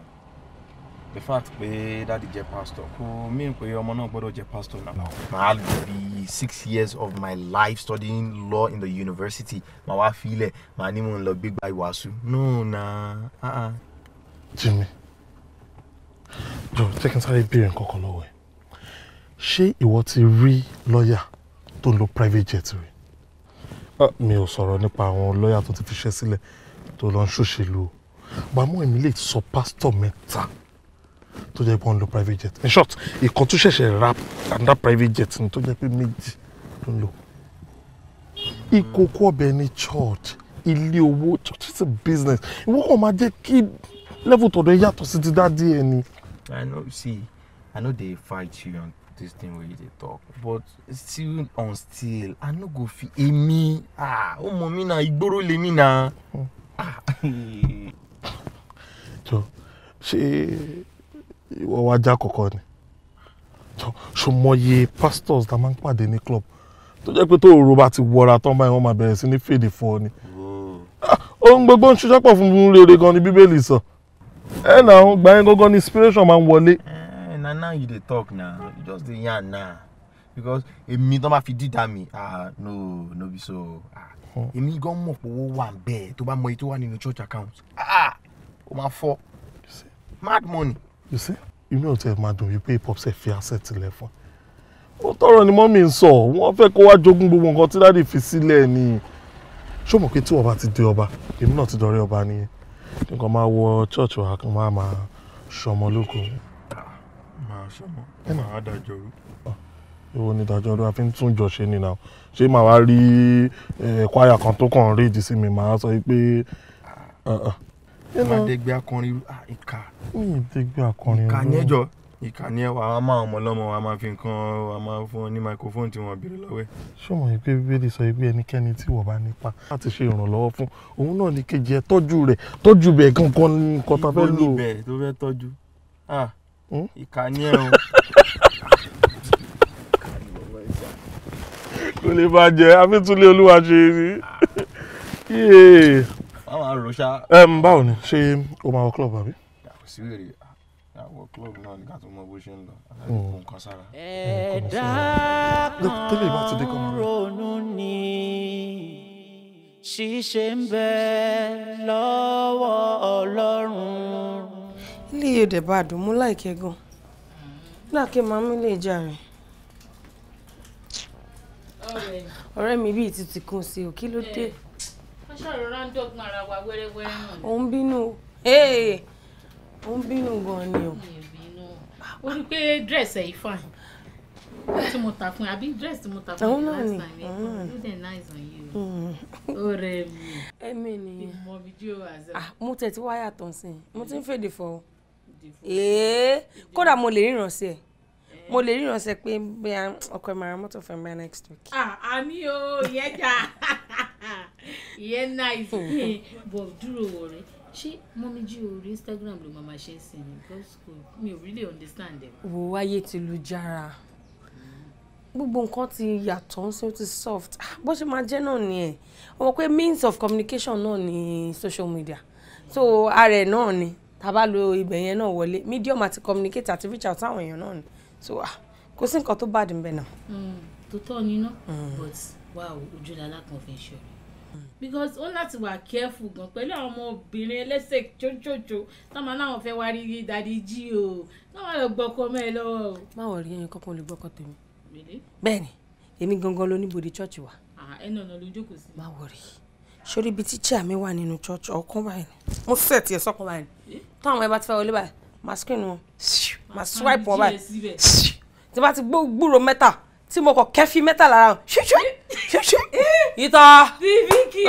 the fact pé dáàdi jẹ́ pastor kò mí pé ọmọ náà gbọ́dọ̀ jẹ́ pastor náà. màá lò bí six years of my life studying law in the university màá wá filẹ̀ màá ní mò ń lọ gbégbá ìwàásù no na. Jimmy jọ jẹ́ kí n sáré béèrè nǹkan kan lọ́wọ́ ẹ̀ ṣé ìwọ ti rí lọ́ọ̀yà tó ń lo private jet rẹ̀ ah, mi ò sọ̀rọ̀ nípa àwọn lọ́ọ̀yà tó ti fiṣẹ́ sílẹ̀ tó lọ ń ṣòṣèlú o bàmú èmi lè sọ pásítọ̀ mẹ́ta tó jẹ́ pé wọ́n ń lo private jet in short ìkan tó ṣẹ̀ṣẹ̀ rap under private jet ni tó jẹ́ pé méjì ló ń lò ìkókó ọbẹ̀ ní church ilé owó church is a business ìwọ́n kàn máa jẹ́ kí level tọ̀dọ̀ yàtọ̀ sí ti dá díẹ̀ ni. I know see I no dey fight you on dis thing wey you dey talk but still on still i no go fit èmi ah omo mi na ìgboro lèmi na. [LAUGHS] jọ ṣé ìwọ wa já kọ̀kọ́ ni ṣùmọ̀ye pastors la máa ń pàdé ní club tó jẹ́ pé tó òru bá ti wọra tán báyìí wọ́n máa bẹ̀rẹ̀ sí ní fèdè fún ọ ni. Ah, ohun gbogbo ń ṣiṣẹ́ pọ̀ fún rere gan ni bíbélì sọ ẹ̀ náà gbàyẹn gógó ni inspiration máa ń wọlé. Mm na now you dey talk na you just dey yarn na because èmi tó bá fi da mi ah no no be so ah hmm. èmi gan mọ̀ pé owó wà bẹ́ẹ̀ tó bá mọ iye tó wà nínú church account ah ó máa fọ́ mad money. you see inú ọ̀tẹ̀ máa dùn wípé hip hop ṣe fi asset tilẹ̀ fún ó tọrọ ni mọ́mí ń sọ wọ́n fẹ́ kó wá jogún gbogbo nǹkan tí dáàdì fi sílẹ̀ ni ṣó mọ̀ pé tí wọ́n ti di ọba èmi náà ti dọ̀rẹ́ ọba nìyẹn nǹkan máa wọ church wa kan máa máa ṣọmọ lóko ṣọmọ ẹnà adájọrú. ìwọ ah, ni ìdájọrú a fi ń tún jọ ṣe ni náà ṣé màá wá rí kwaya eh, kan tó kàn rí ìdí sí mi màá sọ pé. Ah, ah. màdégbé akọrin ìka. màdégbé akọrin ìka yẹn jọ ìkànnì ẹwà wa máa ọmọ lọmọ wa máa fi nǹkan wa máa fún ọ ní microphone tí wọn béèrè lọ́wọ́ ẹ. sọmọ yìí pé bíbélì sọ pé ẹnikẹ́ni tí wọ́n bá nípa láti ṣe ìrànlọ́wọ́ fún òun náà ní kejì ẹ tọ́jú rẹ̀ tọ́jú bẹ̀ gangan ní nǹkan tá a fẹ́ lò. ibo ni bẹ̀rẹ̀ tó fẹ́ tọ́jú ìkà ni ẹ o. kò lè máa jẹ afẹ́túlé olúwa ṣe ni. báwo a rò báwo ni ṣé o máa wọ club àbí. kò sí wèrè àwọn club náà ní tó mọ bó ṣe ń lọ nǹkan hmm. sára. ẹ̀dá kan ronú ni ṣíṣe ń bẹ lọ́wọ́ ọlọ́run ilé yìí ò dẹ̀ bá dùn mú láìkẹ́ gan nígbà kí màá mú ilé ìjà rẹ̀ ọ̀rẹ́ mi bíi ti ti kún sí o kí ló dé. wọ́n ṣàròrán dọ́gbọ́n ara wa wẹ́rẹ́wẹ́rẹ́ náà. òun bínú òun bínú gan-an ni o. o rí pé dírẹ̀sì ẹ̀ yìí fine tí mo ta fún àbí dress tí mo ta fún yìí last time yìí mm. on you mm. ọ̀rẹ́ mi ẹmí nìyẹn ah, mo tẹ̀ tí wáyà tán sí mo ti ń fèdè fọ́ ee kódà mo lè ríran sí ẹ mo lè ríran sí ẹ pé bí ọkọ ẹ máa ra mọ́tò fún mi next week. àmì o ìyẹn dà ìyẹn nice hmm. [LAUGHS] bọ̀ dúró wọ̀rẹ́ ṣé mọ́mí jí orí instagram ló máa ma ṣe ń sìn ní because mi ò really understand ẹ̀. wo ayé ti lu jára gbogbo nǹkan ti yàtọ̀ ń sọ ti soft ah, bó ṣe máa jẹ́ náà ni ẹ̀ ọmọ pé means of communication náà ni social media so ara ẹ̀ náà ni tá lo ibẹ̀ yẹn náà wọlé medium àti communicate àti reach out sáwọn èèyàn náà ni so ah kò sí nǹkan tó bá dì níbẹ̀ náà. Hmm, tó tọ́ ni ná hmm. but wow ojú la lápò fi ṣe rẹ̀ because ó láti wà careful gan pẹ̀lú àwọn ọmọbìnrin ẹlẹ́sẹ̀ jójójó táwọn máa láwọn fẹ́ wá rí dadi jí o táwọn máa lọ gbọ́kọ mẹ́ ẹ lọ́wọ́ o. má wọ̀ rí ẹyin kankan lè gbọ́kọ tèmi bẹ́ẹ̀ ni èmi gangan ló níbodè wa. Ah, ẹnu ọ̀nà ló jókòó sí. má wọ̀ rí i sórí ibi tíṣà mi wà nínú church ọkàn báyìí mo set yẹ sọkàn báyìí eh? táwọn ẹ bá ti fẹ́ wọlé báyìí màá screen wọn màá swipe wọn báyìí tí bá ti gbúrò mẹ́ta tí mo kọ kẹfí mẹ́ta lára ṣíṣú ṣíṣú eh? eh? ìta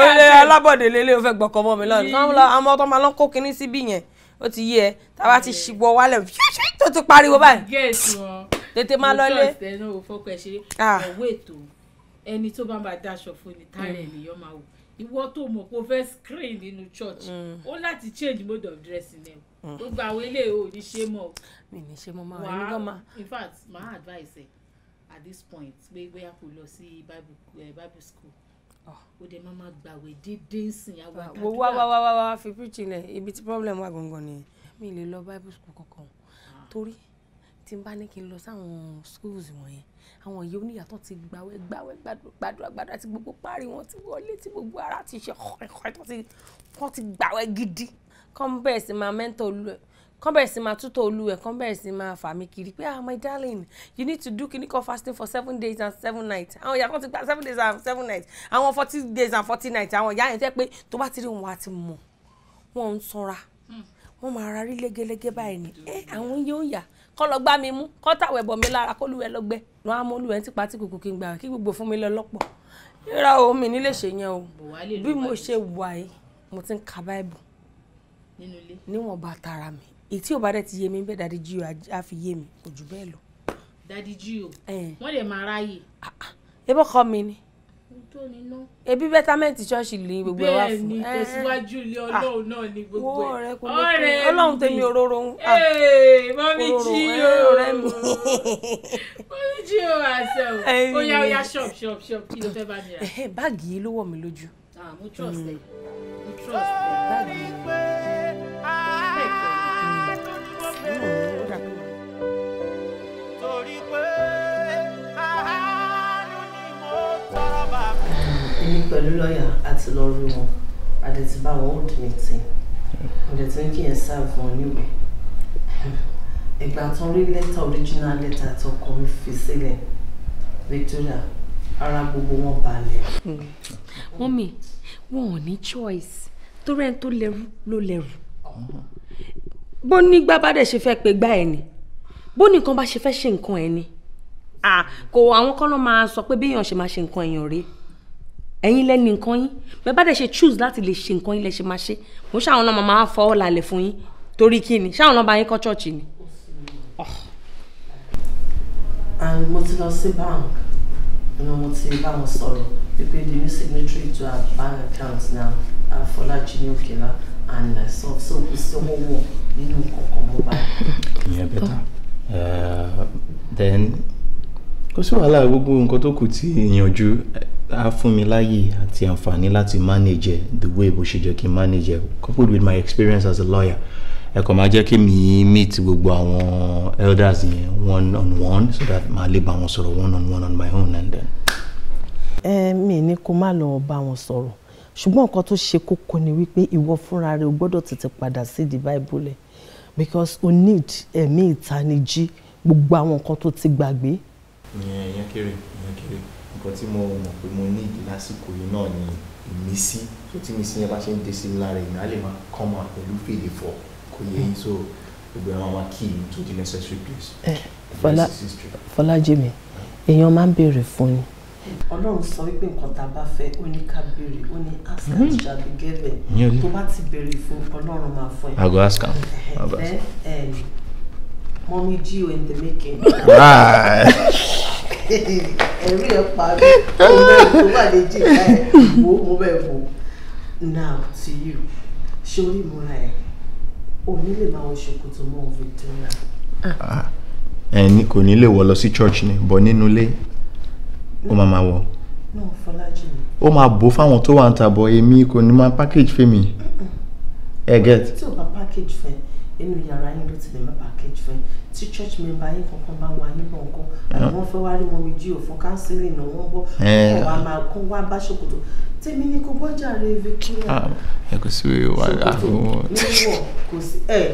olè alábọ̀dé lélẹ̀ o fẹ́ gbọ̀kọ̀ mọ́ mi lọ́nà àwọn ọmọ ọmọ kó kinní síbí yẹn ó ti yé ẹ tàbá ti ṣìgbọ́ wálẹ̀ ṣíṣú tó ti pariwo báyìí tètè máa lọlé. Ah. ẹni tó bá ń bá daṣọ fún ni tálẹ̀ nìyọ́ máa wò ìwọ tó mọ̀ pé o fẹ́ screen nínú church mm. ó láti change mode of dressing them mm. gbogbo àwọn eléyìí ò ní ṣe mọ́ mi ní ṣe mọ́ máa ẹni gan ma in fact my advice at this point pé bóyá kò lọ sí bible eh, school ah. ó dẹ̀ máa máa gbàwé dídín sìn àwọn àdúrà. wá wá wá wá wá fi preaching lẹ ibi tí problem wà gangan nìyẹn mi lè lọ bible school kankan ah. torí tí n bá ní kí n lọ sáwọn schools wọ̀nyẹn àwọn ìyá oníyàtọ̀ ti gbàwẹ̀ gbàwẹ̀ gbàdúrà gbàdúrà tí gbogbo parí wọn ti wọlé tí gbogbo ara ti ṣe ọ̀ẹ̀kọ̀ tó ti gbàwẹ̀ gidi kọ́n bẹ̀rẹ̀ sí máa mẹ́ńtọ̀ olú ẹ̀ kọ́n bẹ̀rẹ̀ sí máa tútọ̀ olú ẹ̀ kọ́n bẹ̀rẹ̀ sí máa fà mí kiri pé ah my darling you need to do kini kan fasting for seven days and seven nights àwọn ìyá kan ti gba seven days and seven nights àwọn forty days and forty nights àwọn ìyá yẹn tẹ́ pé tó bá ti rí wọn àti mọ̀ wọn ń sanra hmm. wọn máa ra rí légelége báyìí ni ẹ àwọn yóò yà kọ́ lọ gbá mi mú kọ́ tàwẹ̀ bọ̀ mi lára kó lúwẹ̀ lọ́gbẹ́ lọ́wọ́ á mú ti pa tí kùkù kí n gbà kí gbogbo fún mi lọ lọ́pọ̀ rírà o nílé ṣe yẹn o bí mo ṣe wà yìí mo ti ń ka báìbù níwọ̀n bá tara mi èyí tí ò bá dẹ̀ ti yé mi bẹ́ẹ̀ dadi jíò á fi yé mi kò jù bẹ́ẹ̀ lọ. dadi jíò wọ́n lè máa ráyè. Ah, ah. ebó kọ́ mi ni ebi bẹ́támẹ́ǹtì ṣọ́ọ̀ṣì lè gbogbo ẹ̀ wá fún bẹ́ẹ̀ ni eh, tẹ̀síwájú ilé ah, ọlọ́run náà ni gbogbo ẹ̀ ọ̀rẹ́ kò lè pé ọlọ́run tèmi òróró ń à ah, mọ́mí jí eh, o ọ̀rẹ́ mi [LAUGHS] mọ́mí jí o àṣẹ o ó yá ó yá ṣọ́ọ̀bù ṣọ́ọ̀bù ṣọ́ọ̀bù kí ló fẹ́ bá mi rà. Eh, báàgì yìí ló wọ̀ mí lójú. Ah, mo trust ẹ mo trust ẹ báàgì yìí. pẹ̀lú lọ́ọ̀yà àti lọ rí wọn àdẹ̀tí bá wọn hold meeting àdẹ̀tí ní kí yẹn serve wọn níwèé ìgbà tán rí lẹ́tà original lẹ́tà tó kọ mi fi sílẹ̀ Victoria ara gbogbo wọn balẹ̀. mọ́mì wọn ò ní choice torí ẹni tó lẹ́rù ló lẹ́rù bó nígbà bá dẹ̀ ṣe fẹ́ pé gbá ẹ̀ ni bó nìkan bá ṣe fẹ́ ṣe nǹkan ẹ̀ ni kò àwọn kan ló máa sọ pé bí èèyàn ṣe máa ṣe nǹkan èèyàn rèé ẹ̀yin lẹ́ni nǹkan yín bẹ́ẹ̀ bá dẹ̀ ṣe choose láti lè ṣe nǹkan yín lẹ́ ṣe máa ṣe mo ṣáwọn náà máa fọwọ́ lálẹ́ fún yín torí kí ni ṣáwọn náà bá yín kọ́ church ni. Ah. and mo ti lọ sí bank ìnáwó mo ti bá wọn sọ̀rọ̀ pípé the new signatory to our bank account na afọlájí ní òkèlá and myself so kò sí owó wọ nínú kọ̀ọ̀kan mo bá. ìyẹn bẹ́tà eh, then kó sí wàhálà gbogbo nǹkan tó kù tí ìyànjú á fún mi láyè àti àǹfààní láti manage the way bó ṣe jẹ́ kí n manage coupled with my experience as a lawyer ẹ kàn máa jẹ́ kí mi meet gbogbo àwọn elders yẹn one on one so that màá lè bá wọn sọ̀rọ̀ one on one on my own and then. ẹ mi ní kó má lọ bá wọn sọ̀rọ̀ ṣùgbọ́n nǹkan tó ṣe kókó ni wípé ìwọ fúnra rẹ o gbọ́dọ̀ tètè padà sí di bible because o need ẹ̀mí ìtanijí gbogbo àwọn nǹkan tó ti gbàgbé. ìyẹn ìyẹn kéré ìyẹn kéré nǹkan tí mo mọ̀ pé mo ní ìdí lásìkò yìí náà ni ìmísí tó tí mi sí yẹn bá ṣe ń de sí lára èmi á lè máa kọ́ máa pẹ̀lú fèdè fọ̀ kò yẹ yín so gbogbo àwọn máa kí yín to the necessary place. ẹ eh, fọlá Fọlájìmí èèyàn máa ń béèrè fún ni. Ọlọ́run sọ wípé nǹkan tá a bá fẹ́ ó ní ká béèrè ó ní ask and mm-hmm. shall be given tó bá ti béèrè fún Ọlọ́run máa fún ẹ. I go ask am. Um, mommy G o in the making. [LAUGHS] [LAUGHS] ẹ̀rí ẹ̀ pa mi mo bẹ́ẹ̀ tó wà ní jìnnà ẹ̀ wò mo bẹ́ẹ̀ wò now to you sórí ìmúra ẹ̀ òní lè máa wọ ṣòkòtò mọ́ Victoria. Ah, ẹni kò ní lè wọ lọ sí church ni bọ̀ nínú ilé ó máa máa wọ. my Fọlájì mi. ó máa bò fáwọn tó wà ń tàbọ̀ èmi kò ní máa package fẹ́ mi. ẹ get. tí o bá package fẹ́ inú yàrá yín ló ti lè má package fẹ́ tí church member yín kankan bá wà nínú ọkọ àwọn fẹ́ wá rí wọn mi jí o fún counseling náà wọ́n bọ́ kó máa kó wá bá ṣòkòtò tèmi ni kò gbọ́jà rẹ victoria ah, ẹ kò sí kò sí ẹ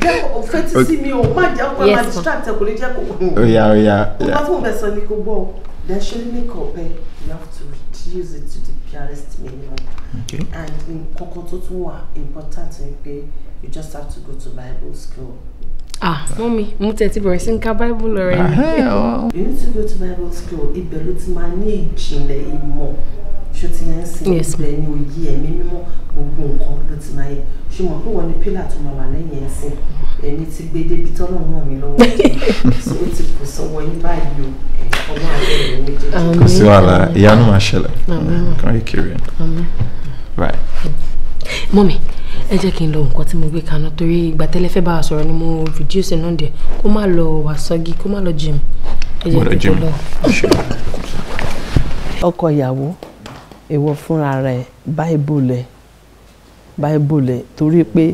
jẹ́ kó ti sí mi o má jẹ́ kó máa distract ẹ kò lè jẹ́ kó o yà o yà o bá fún bẹ̀sán ni kò gbọ́ o then ṣe ní kọ̀ọ̀bẹ you have to reduce it to the purest minimum okay. and nǹkan tó tún wà important ni pé. You just have to go to Bible school. Ah, mommy, mo tẹ̀ sinka bẹ̀rẹ̀ sí ń Bible already. [LAUGHS] You need to go to Bible school. Ibẹ̀ ló ti máa ní ìjìnlẹ̀ Shuti Ṣé ti Yes ma. Ibẹ̀ ni òye ẹ̀mí mo, gbogbo nǹkan ló ti máa yẹ. Ṣùgbọ́n pé wọ́n ní pílà tó máa wà lẹ́yìn ẹ̀sìn. Èmi ti gbé débi tọ́lọ̀ ràn mí lọ́wọ́. [LAUGHS] So ó ti kù sọ́wọ́ yín báyìí o. Ọlọ́run àbẹ̀rẹ̀ ló méjèèjì. Kò sí wàhálà, ìyanu máa ṣẹlẹ̀. Kàn yí kiri. Right mọ́mi ẹ jẹ́ kí n lọ nǹkan tí mo gbé kaná torí ìgbà tẹ́lẹ̀ fẹ́ bá a sọ̀rọ̀ ni mo reduce náà dẹ̀ kó má lọ wàsọ́gi kó má lọ jìm ẹ jẹ́ kí n lọ. ọkọ ìyàwó ìwọ fúnra rẹ báìbùlẹ báìbùlẹ torí pé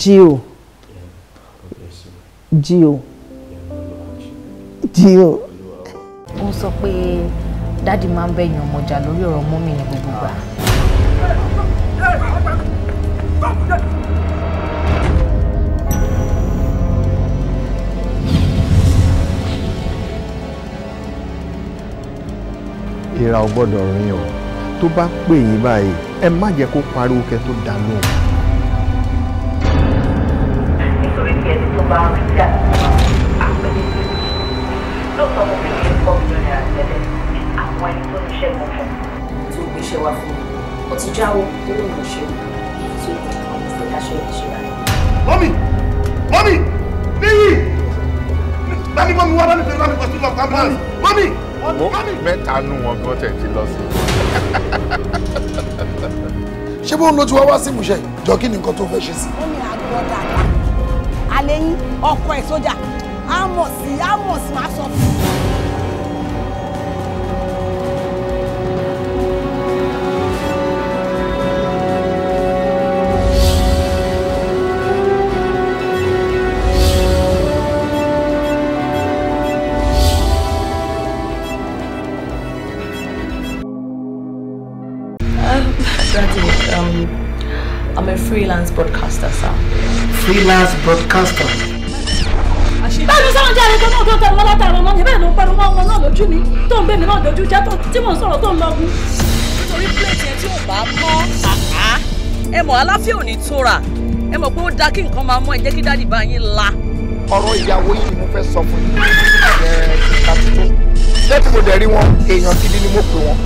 jíò jíò jíò. ó sọ pé dáàdì máa ń bẹ̀yìn ọmọ ọjà lórí ọ̀rọ̀ mọ́mì ní gbogbo gbà. ìra ò gbọ́dọ̀ rìn o tó bá pè yín báyìí ẹ má jẹ́ kó pariwo kẹ́ tó dá lóhùn. nítorí kí ẹni tó bá rí dà àpẹẹrẹ ló sọ fún mi kí n kọ́ mi lórí àtẹlẹ àwọn ẹni tó níṣẹ́ wọn fún un tó gbéṣẹ́ wá fún mi ó ti jáwọ́ tó lóun ṣe èyí tó ní ọmọ ìfẹ́dáṣẹ́ ìṣẹ́ra. mọ́mì mọ́mì níyì bámi mọ́mì wá bámi fẹ́ẹ́ bámi kọ́sí lọ kábíyèsí mọ́mì mọ́mì. mẹ́ta nù wọn gan tẹ̀ ti lọ sí. [LAUGHS] ṣé bóun ló ti wá wá sí ìmúṣẹ jọ kí ni nǹkan tó fẹ́ ṣe sí. ó ní àgbọ̀ dáadáa alẹ́ yín ọkọ ẹ̀ sójà á mọ̀ sí á mọ̀ sí máa sọ fún un. freelance broadcaster, sir. Freelance broadcaster? bẹ́ẹ̀ni sọ́wọ́n jáde tó náà tó tẹ̀wọ́ látàrí ọmọ yẹn bẹ́ẹ̀ ló ń pariwo ọmọ náà lójú ni tó ń bẹ́ náà dojú jẹ́ tó tí mò ń sọ̀rọ̀ tó ń lọ́gùn. nítorí plẹ̀tì ẹ tí ò bá mọ́ àá ẹ mọ̀ aláfíà ò ní tóra ẹ mọ̀ pé ó dá kí nǹkan máa mọ́ ẹ jẹ́ kí dáàdì bá yín la. ọ̀rọ̀ ìyàwó yìí ni mo fẹ́ sọ fún yín. ẹ̀ẹ́dẹ̀ẹ́dẹ́ tuntun lẹ́tí mo dẹ̀ rí wọn èèyàn gidi ni mo pè wọn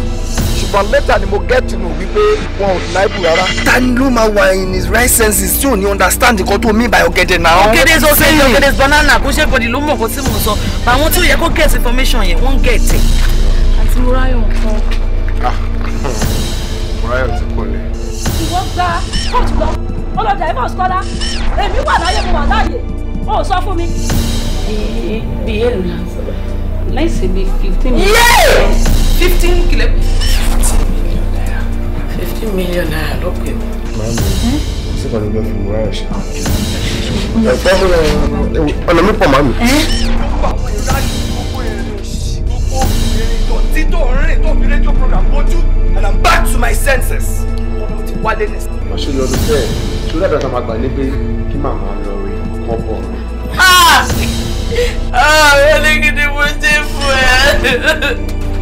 ṣùgbọ́n later ni mo get to know wípé wọn ò láìbù rárá. ta ni ló máa wà in his right senses tí ò ní understand nǹkan tó mean by ọ̀gẹ̀dẹ̀ náà. ọ̀gẹ̀dẹ̀ sọ sẹ́yìn ọ̀gẹ̀dẹ̀ banana kó ṣe bọ̀dì ló mọ̀ nǹkan tí mò ń sọ àwọn tí ó yẹ kó get information yẹn wọ́n get ẹ̀. àti murayọ nǹkan. murayọ ti kọlẹ̀. ìwọ gba court lọ ọlọ́dà ẹ̀ mọ̀ sọ́lá èmi wà láyé mo wà láàyè ó sọ fún mi. bí èlò là ń sọ̀rọ̀ láìsí bí fifteen. yéé fifteen kìlẹ̀ two million naira ló pè mí. Màámi, sí kan ló gbé fún mi ráyọ̀ ṣe. Ọ̀nà mi pọ̀ màámi. Títò rìn tó fi rédíò program mojú and I'm back to my senses. Mo ti wálé ní. Aṣọ ìlú ọdún bẹ́ẹ̀ ṣó dáadáa tá a máa gbà ní pé kí màmá lọ rí kọ́bọ̀. Àwọn ah! ah, ẹlẹ́gìdì mo ṣe fún ẹ.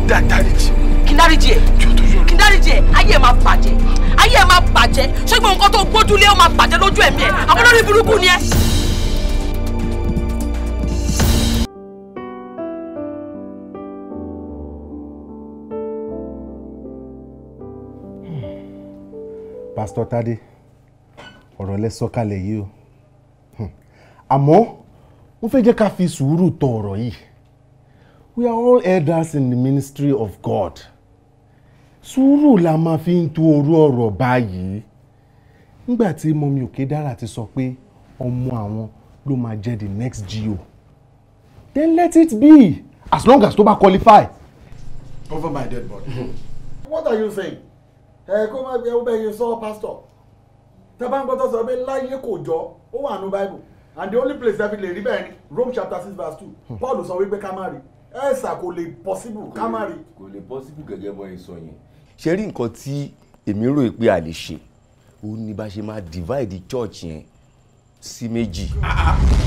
Dáadáa rí jì. Kí dárí jì ẹ? Jù dáríjì ẹ̀ ayé ẹ̀ máa bàjẹ́ ayé ẹ̀ máa bàjẹ́ ṣùgbọ́n nǹkan tó gbójúlé ó máa bàjẹ́ lójú ẹ̀mí ẹ̀ àwọn olórí burúkú ni ẹ́. pásítọ̀ Tádé ọ̀rọ̀ lẹ yìí o hmm. àmọ́ mo fẹ́ jẹ́ ká fi sùúrù tọ ọ̀rọ̀ yìí we are all elders in the ministry of God sùúrù la máa fi ń to orú ọ̀rọ̀ báyìí nígbà tí mọ̀mí òkè dára ti sọ pé ọmọ àwọn ló máa jẹ́ the next GO then let it be as long as tó bá qualify. Cover my dead body. [LAUGHS] what are you saying? ẹ kó má gbé ọbẹ̀ yẹn sọ pastor tẹ́bá ń gbọ́ tó sọ pé láyé kò jọ ó wà nù bible and the only place ẹ fi lè rí bẹ́ẹ̀ ni Rome chapter six verse two hmm. Paul sọ wípé ká má rí ẹ̀sà kò lè possible ká má rí. kò lè possible gẹ́gẹ́ bọ́ ẹ sọ yẹn ṣe rí nǹkan tí èmi rò pé a lè ṣe ó ní bá ṣe máa divide church yẹn sí méjì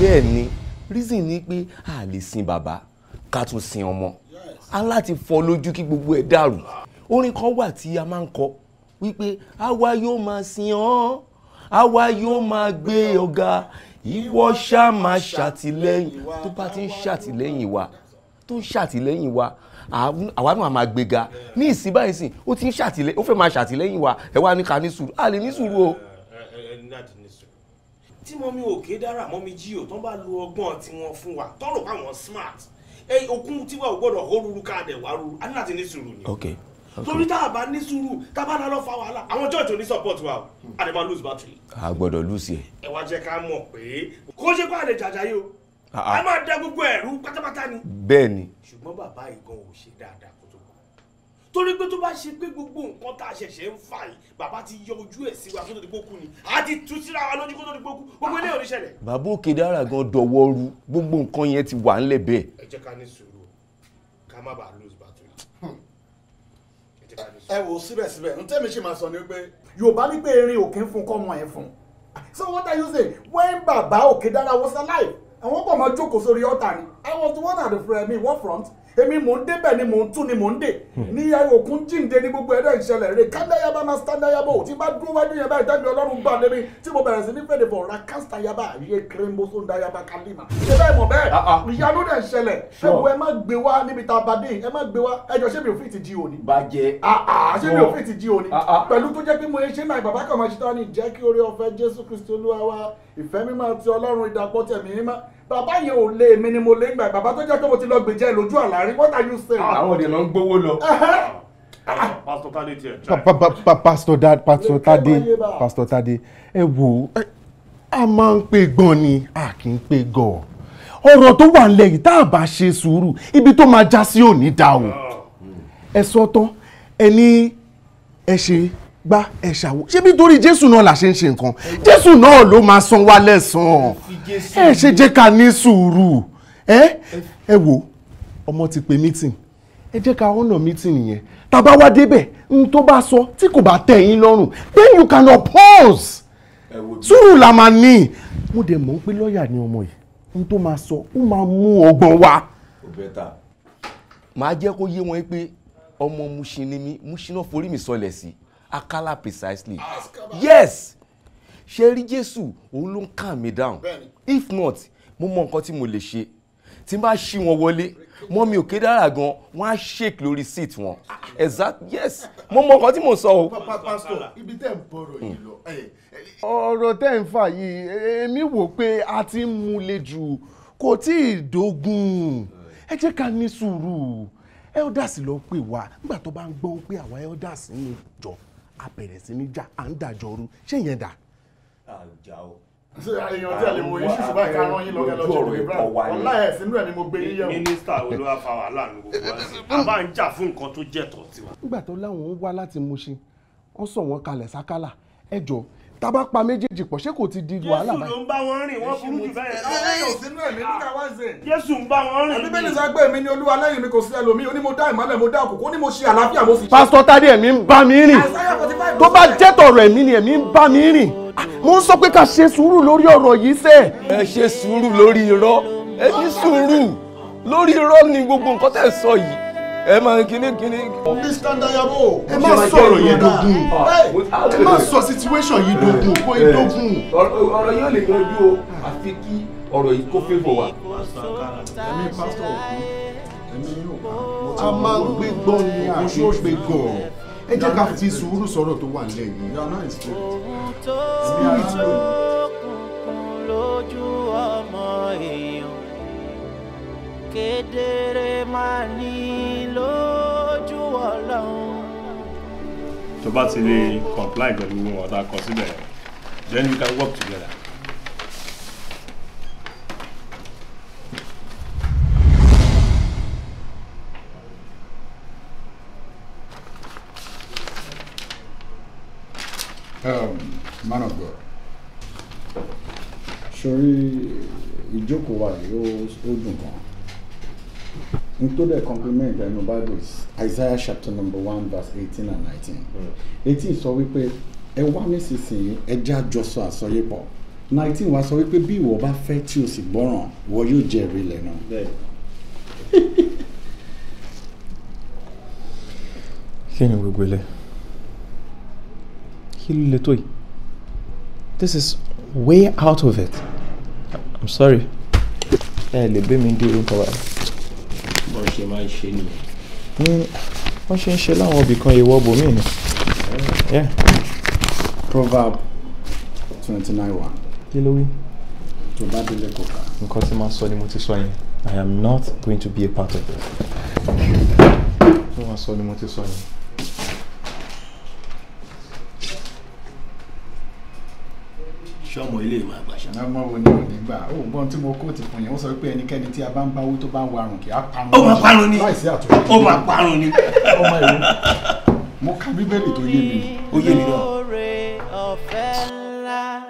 bẹ́ẹ̀ ni reason ni pé a lè sin bàbá ká tún sin ọmọ aláti fọ́ lójú kí gbogbo ẹ̀ dàrú orin kan wà tí a máa ń kọ wípé àwa yóò máa sin ọ́ àwa yóò máa gbé ọ̀gá ìwọ ṣá máa ṣàtìlẹ́yìn tó bá ti ń ṣàtìlẹ́yìn wa tó ń ṣàtìlẹ́yìn wa àwa náà máa gbéga ní ìsìn báyìí sìn ó ti ń ṣàtìlẹ́yìn ó fẹ́ máa ṣàtìlẹ́yìn wa ẹ wá ní ká ní sùúrù a lè ní sùúrù o. tí mọ́mí òkè dára mọ́mí jíò tán bá lo ọgbọ́n tiwọn fún wa tọ́rọ̀ káwọn smart okun tiwa ò gbọ́dọ̀ hó ruru káàdẹ̀ wá ruru a ní láti ní sùúrù ni torí tá a bá ní sùúrù tá a bá lọ fa wàhálà àwọn church ní support wa o a lè máa lose battery. a gbọ́dọ̀ lose yẹ. ẹ wá jẹ́ ká mọ̀ pé kó ṣe kó àlè jàjà yìí o Ah, ah. a máa da gbogbo ẹ̀rú pátápátá ni. bẹ́ẹ̀ ni. ṣùgbọ́n bàbá yìí gan ò ṣe dáadáa kó tó kọ torí pé tó bá ṣe pé gbogbo nǹkan tá a ṣẹ̀ṣẹ̀ ń fà yìí bàbá ti yọ ojú ẹ̀ sí wa tó di gbókù ni a ti tú síra wa lójú kó tó di gbókù gbogbo ilé òní ṣẹlẹ̀. bàbá òkè dára gan dọ̀wọ́ ru gbogbo nǹkan yẹn ti wà ńlẹ̀ bẹ́ẹ̀. ẹ jẹ́ ká ní sùúrù ká má bàa lose battle. Hmm. ẹ wo síbẹ̀síbẹ̀ n tẹ́mi ṣe máa sọ ni pé Yorùbá ní pé erin òkè ń fún kọ́mọ àwọn pọ̀ máa jókòó sórí ọ̀tà ni I was the one at the front, me, what front? èmi mò ń débẹ̀ ni mò ń tún ni mò ń dè hmm. ní òkun jíǹde ní gbogbo ẹ̀dá ìṣẹ̀lẹ̀ rẹ̀ kádàyàbá máa sádàyàbá ò tí bá dúró wájú yẹn báyìí dábì ọlọ́run gbà lébi tí mo bẹ̀rẹ̀ sí ní fèdè bọ̀ ra kásítàyàbá àyè kéremboso ńdàyàbá kálímà ṣe bẹ́ẹ̀ mọ̀ bẹ́ẹ̀ ah, ah. ìyanu dẹ̀ ṣẹlẹ̀ ṣẹ́gun ẹ má gbé wá níbi tá a bá dé ẹ má gbé wá ẹjọ́ ṣé mi ò fi ti jí òní. bàjẹ́ ah, ṣé mi ò fi ti jí òní pẹ̀lú tó jẹ́ pé mo ṣe náà bàbá kan máa ṣe tán ni jẹ́ kí oore ọ̀fẹ́ Jésù Kristi Olúwa wa ìfẹ́ mímọ́ ti Ọlọ́run ìdàpọ̀ tẹ̀mí mímọ́ bàbá yẹn ò lé mi ni mo lé gbà bàbá tó jẹ́ pé mo ti lọ gbèjà ẹ̀ lójú àlárí what are you saying. Ah, àwọn èdè náà ń gbowó lọ. Ah, pastor Tade tiẹ̀ pastor dad pastor Tade pastor Tade ẹ wo a máa ń pè gan ni a kì í pè gan ọ̀rọ̀ tó wà nílẹ̀ yìí tá a bá ṣe sùúrù ibi tó máa já sí òní dá o ẹ sọ tán ẹ ẹ ṣe gbá ẹ ṣàwò ṣé bí torí Jésù náà la ṣe ń ṣe nǹkan Jésù náà ló máa san wá lẹ́sàn-án ẹ ṣe jẹ́ ká ní sùúrù ẹ ẹ wo ọmọ ti pe meeting ẹ jẹ́ ká ọ̀nà meeting yẹn tàbá wá débẹ̀ n tó bá sọ tí kò bá tẹ̀ yín lọ́rùn then you can oppose sùúrù la máa ní mo dẹ̀ mọ̀ pé lọ́ọ̀yà ni ọmọ yìí n tó máa sọ ó máa mú ọgbọ́n wá. màá jẹ́ kó yé wọn pé ọmọ Mushin ni mí Mushin náà forí mi sọlẹ̀ sí akala precisely yes ṣe rí jésù òun ló ń calm me down if not mo mọ nǹkan tí mo lè ṣe tí n bá ṣí wọn wọlé mọ mi ò ké dára gan wọn á shake lórí seat wọn exact yes mo mọ nǹkan tí mo sọ o. papa pastor ibi tẹ́ ń bọ̀rọ̀ yìí lọ. ọ̀rọ̀ tẹ́ ń fà yìí èmi wò pé a ti ń múlẹ̀ jù kò tí ì dógún ẹ jẹ́ ká ní sùúrù elders ló pè wá nígbà tó bá ń gbọ́ pé àwa elders ń jọ a sí ní jà à ń dàjọ́rú ṣé ìyẹn dà àjà o. ṣé èèyàn tí a lè wo iṣu ṣùgbọ́n ìka rán yín lọ́gẹ́ lọ́jọ́ ìwé brown ọ̀la ẹ̀ sínú ẹ̀ ni mo gbé yín o mínísítà wo ló wá fa wàhálà ní gbogbo ẹ̀ a máa ń jà fún nǹkan tó jẹ́ tọ̀ tiwa. nígbà tó láwọn ń wá láti Mùṣin wọ́n sọ wọn kalẹ̀ sákálà ẹ jọ̀ọ́ tá bá pa méjèèjì pọ̀ ṣé kò ti di wàhálà báyìí. jésù ló ń bá wọn rìn wọn burú jù báyẹn lọ. ẹ ẹ ìsinú ẹ̀mí nígbà wá ṣe. jésù ń bá wọn rìn. àbí bẹ́ẹ̀ ni sọ pé èmi ni olúwa lẹ́yìn mi kò sí ẹlòmíì ó ní mo dá ìmọ́lẹ̀ mo dá òkùnkùn ó ní mo ṣe àlàáfíà mo sì. pásítọ̀ Tádé ẹ̀mí ń bá mi rìn tó bá jẹ́ tọ̀rọ̀ ẹ̀mí ni ẹ̀mí ń bá mi rìn ah, mo ń sọ pé ká ṣe sùúrù lórí ọ̀rọ̀ yìí sẹ́. ẹ ṣe sùúrù lórí ẹ máa kíní kíní. Mr. Dayabo ẹ máa sọ̀rọ̀ yẹn dogun ah, ẹ máa sọ situation yìí dogun eh, kó yìí eh. dogun. ọ̀rọ̀ yóò lè yanjú o àfi kí ọ̀rọ̀ yìí kó favour wa. ẹ̀mí pásítọ̀ òkú ẹ̀mí yóò a máa ń gbé gbọ́n ni àti gbé gọ̀ ẹ jẹ́ ká fi sùúrù sọ̀rọ̀ tó wà nílẹ̀ yìí. yàrá ìsìnkú spirit ló. lójú ọmọ èèyàn kedere máa ní tó bá ti lè comply pẹ̀lú ohun ọ̀tá kan síbẹ̀ then we can work together. Um, man of God sori ìjókòó wa yìí ó dùn gan Into the complement ẹnu Bible is Isaiah chapter number one verse eighteen and nineteen. Hmm. eighteen sọ wípé ẹ wá nísinsìnyí ẹ jẹ́ àjọsọ àsọyépọ̀ nineteen wá sọ wípé bí ìwọ bá fẹ́ tí o sì gbọ́ràn ìwọ yóò jẹ èrè ilẹ̀ náà. kí ni gbogbo ilẹ̀ kí ló lè tó yìí this is way out of it I'm sorry ẹ lè bẹ́ mi dé orúkọ wa ṣe máa ń ṣe nìyẹn. wọ́n ṣe ń ṣe láwọn ibì kan ìwọ bòmíì ni. Eh, proverb twenty nine one. kí ló wí. tó bá délé kò nǹkan tí màá sọ ni mo ti sọ yẹn I am not going to be a part of it. tó wàá sọ ni mo ti sọ yẹn. ṣọmọ ilé ìmọ̀ àgbàṣà. ọmọ wo ni ò ní gbà tí mo kóòtù fún yẹn ó sọ pé ẹnikẹ́ni tí a bá ń bá tó bá ń warùn kì á parun. ó máa parun ni ó máa parun ni. [LAUGHS] ọmọ ìlú mo ka bíbélì tó yé mi. ó yé mi náà.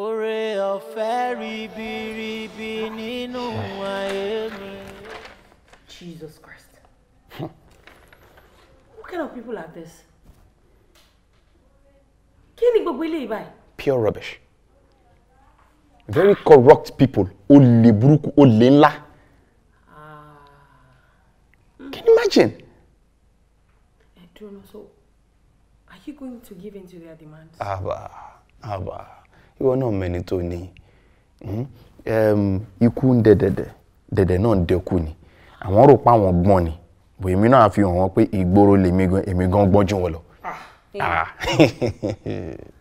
oore ọ̀fẹ́ ribiribi nínú ayé mi. Jesus Christ. What kind of people are this? kí ni gbogbo eléyìí báyìí? pure rubbish very corrupt people olè burúkú olè ńlá ah. can you imagine. I don't know so are you going to give in to their demands. àbá àbá ìwọ náà mẹni tó ní hmm? ikú ń dẹdẹdẹ dẹdẹ de ń dẹkù ni àwọn rò pa àwọn gbọ́n ni bò èmi náà fi hàn wọ́n pé ìgboro lèmi gan èmi gan gbọ́n jù wọ́n Ah. ah. Eh. [LAUGHS]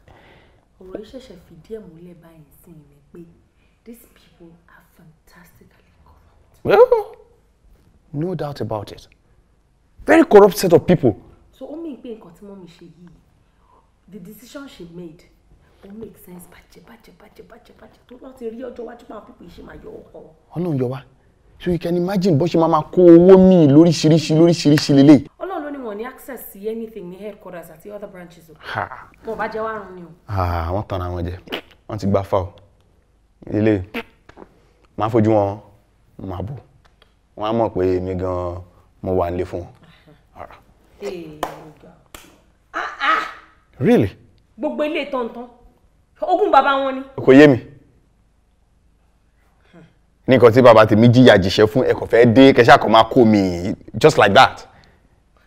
ọ̀rọ̀ ṣẹ̀ṣẹ̀ fìdí ẹ̀ múlẹ̀ báyìí sí mi pé these people are fantastically corrupt. Well, no doubt about it. Very corrupt set of people. So ó mìíràn pé nǹkan tí mọ́mí ṣe yìí the decision she made ó make sense bàjẹ́ bàjẹ́ bàjẹ́ bàjẹ́ bàjẹ́ tó lọ́ọ́ ti rí ọjọ́ iwájú pàápàá pípé ṣe máa yọ ọkọ. Ọlọ́run yọ wá so you can imagine bó ṣe máa ma kó owó míì lóríṣiríṣi lóríṣiríṣi lélẹ̀. ọlọ́run ló ní wọn ní access sí anything ní headquarters àti other branches o. wọn ò bá jẹ́ wàrùn ni o. wọ́n tan ara wọn jẹ wọ́n ti gba fáwọ́ ilé máa fojú wọn máa bò wọ́n á mọ̀ pé mi gan mo wà nílé fún wọn. Ah, ah. really. gbogbo ilé tọ̀ntàn ogún bàbá wọn ni. kò yé mi ní nǹkan tí bàbá tèmi jìyà jìṣẹ́ fún ẹ̀kọ́ fẹ́ dé kẹṣẹ́ àkọ́ máa kó mi just like that.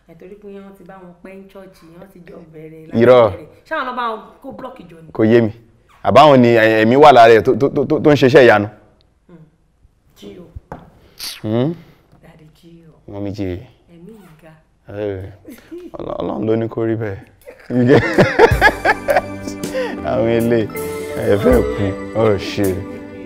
nítorí pé wọ́n ti bá wọn pẹ́ ń ṣọ́ọ̀ṣì wọ́n ti jọ bẹ̀rẹ̀ láti bẹ̀rẹ̀ ṣáà lọ́ bá wọn kó blọ́ọ̀kì jọ ni. kò yé mi àbáwọn ni ẹ̀mí wà lára ẹ̀ tó ń ṣeṣẹ́ ìyanu. Hmm. jíò. Hmm? dàdí jíò. wọ́n mi jíò. ẹ̀mí ìga. Eh, ọlọ́run ló ní kó rí bẹ́ẹ̀. [LAUGHS] àwọn ilé ẹ̀fẹ́ kù ọ̀ṣẹ́.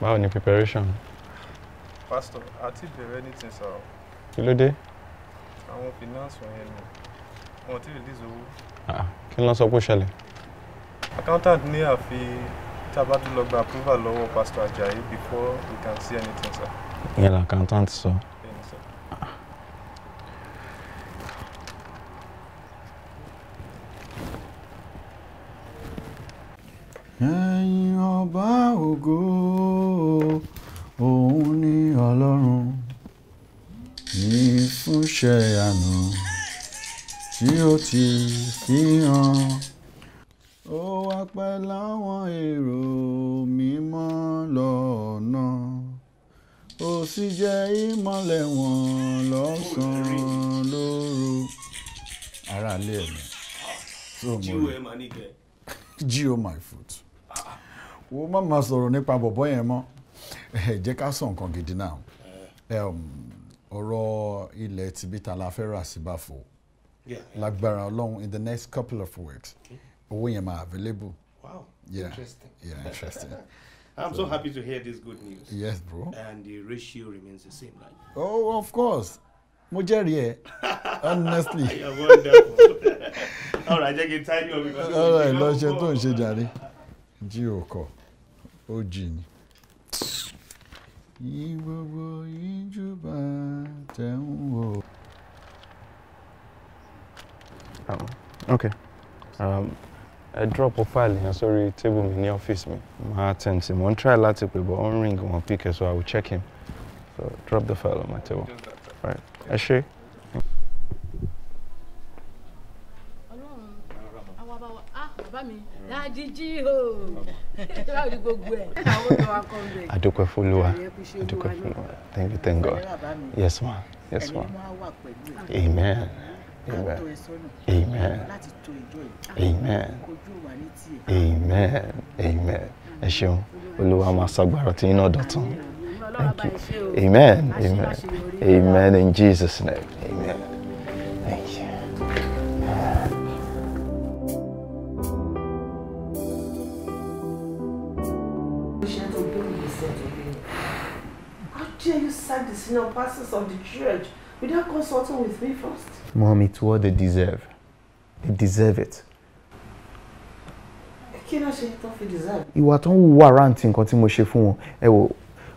báwo ni preparation. pastor àti bẹ̀rẹ̀ anything sir. kí ló dé. àwọn finance wọ̀nyẹn ni wọn ti release owó. Ah, kí ló ń sọ pé ó ṣẹlẹ̀. accountant ní àfi tá a bá tún lọ gba approval lọ́wọ́ pastor Ajayi before we can see anything sir. ìyẹn la accountant sọ. ẹyin ọba ògo òun ni ọlọ́run ìfúnṣẹ́ àná tí ó ti fi hàn ó wá pẹ́ láwọn èrò mímọ́ lọ́nà ó sì jẹ́ ìmọ́lẹ̀ wọn lọ́sàn-án lóru. ara lé ẹ̀mí. jí o my food wo má máa sọ̀rọ̀ nípa bọ̀bọ́ yẹn mọ́ ẹ jẹ́ ká sọ nǹkan gidi náà ọ̀rọ̀ ilẹ̀ tìbítà la fẹ́ rà sí báfo lágbára ọlọ́run in the next couple of weeks owó yẹn máa available. wow yeah. interesting yeah interesting. [LAUGHS] I'm so, so happy to hear this good news. Yes, bro. And the ratio remains the same, right? Oh, of course. Mo jẹ́rìí ẹ. Honestly. [LAUGHS] You're wonderful. [LAUGHS] All right, jẹ́ kí n time you because. All right, lọ ṣe tó ń ṣe jàre. Jí o kọ ó jì ní. ìgbogbo ìjùbà tẹ̀ ń wò. Um, okay um, ẹ drop file yẹn sorry table mi ní ọ́fíìsì mi máa tẹ̀ǹ sí mo try láti pè bọ́ one ring one pick, so i will check him so drop the file on my table right ẹ ṣe. ah bàbá mi adiji o ìjọba òdi gbogbo ẹ. adúpẹ́ f'Olúwa adúpẹ́ f'Olúwa thank you thank God yes ma yes ma amen amen amen amen amen amen ẹ ṣeun Olúwa máa ṣàgbára tí iná dọ̀tun thank you amen amen amen in Jesus name amen thank you. dare you sack the senior pastors of the church without consulting with me first? Mom, it's what they deserve. They deserve it. kí ló ṣe tó fi deserve. ìwà tó ń wù wá rántí nǹkan tí mo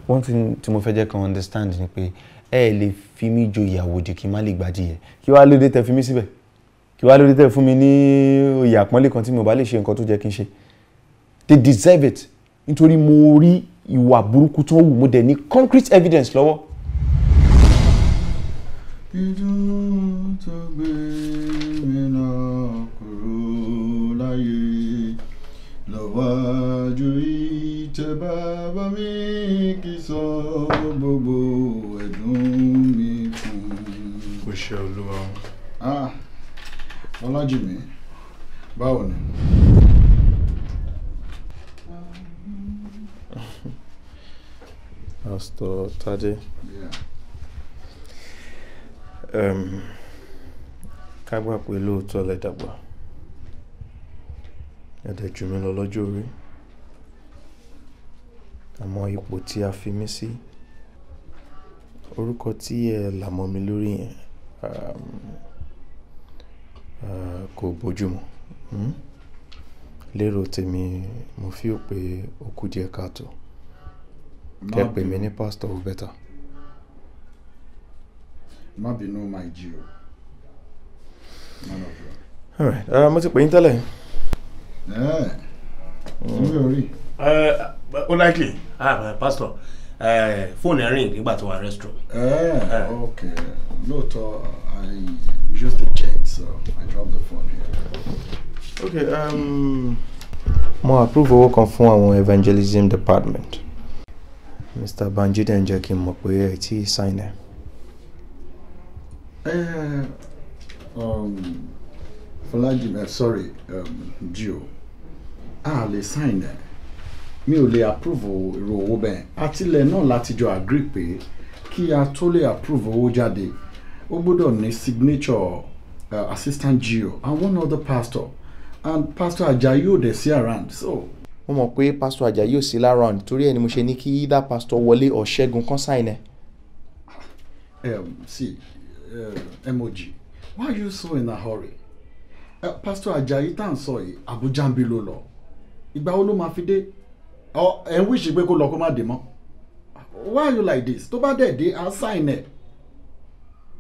one thing tí mo fẹ́ jẹ́ understand is that, ẹ lè fi mí jo ìyàwó di kí n má lè gbádìí ẹ kí wàá to tẹ fi mí síbẹ̀ kí wàá lóde tẹ fún mi ní oyè àpọ́nlé kan tí mi ò bá lè ṣe nǹkan tó jẹ́ kí n they deserve it nítorí mo rí ìwà burúkú tí wọ́n wù mo dẹ̀ ní concrete evidence lọ́wọ́. ìdùnnú tó bàbá mi kì í sọ gbogbo ẹ̀dùn mi kùn. kò ṣe olúwa. Ah, ọlájìmí báwo ni. Pastor Tade. Ähm, ká gbà pé lóòótọ́ lẹ dàgbà ẹ̀dẹ̀ jù mí lọ lọ́jọ́ orí àmọ́ ipò tí a fi mí sí orúkọ tí ẹ là mọ́ mi lórí yẹn um, uh, kò bójúmu hmm? lérò tèmi mo fi ò pé ó kù díẹ̀ káàtó kẹ́ pè mí ní pásítọ̀ ó bẹ́tà. má bínú máa jí o. Uh, mo ti pè yín tẹ́lẹ̀. Eh, mi mm. ò rí. ó likely pásítọ̀ fóònù ẹ̀rín nígbà tó wà restroom. Eh, eh. ok lóòótọ́ i used to check so i drop the phone here. ok um, mo approve owó kan fún àwọn evangelism department. Mr. Banji dẹ̀ ń jẹ́ kí n mọ̀ pé ẹ ti sign ẹ̀. Eh, um, Fọlájìmẹ́ eh, sorry Gio um, a lè sign ẹ̀ mi ò lè approve irú owó bẹ́ẹ̀ àtìlẹ̀ náà láti jọ agree pé kí a tó lè approve owó jáde ó gbọ́dọ̀ ní signature uh, assistant Geo and one other pastor and pastor Ajayi ò dẹ̀ sí around so mo mọ̀ pé pásítọ̀ Àjàyí ò sí lára ọ̀n torí ẹ̀ ni mo ṣe ní kí yídà pásítọ̀ Wọlé or Ṣẹ́gun kan sign ẹ̀. Um, see uh, MOG why are you so in a hurry uh, pásítọ̀ Àjàyí tá à ń sọ yìí Àbújá ń bí ló lọ ìgbà wo ló máa fi dé ẹ̀ ń wíṣì pé kó lọ kó má dé mọ́ why are you like this tó bá dẹ̀ dé á sign ẹ̀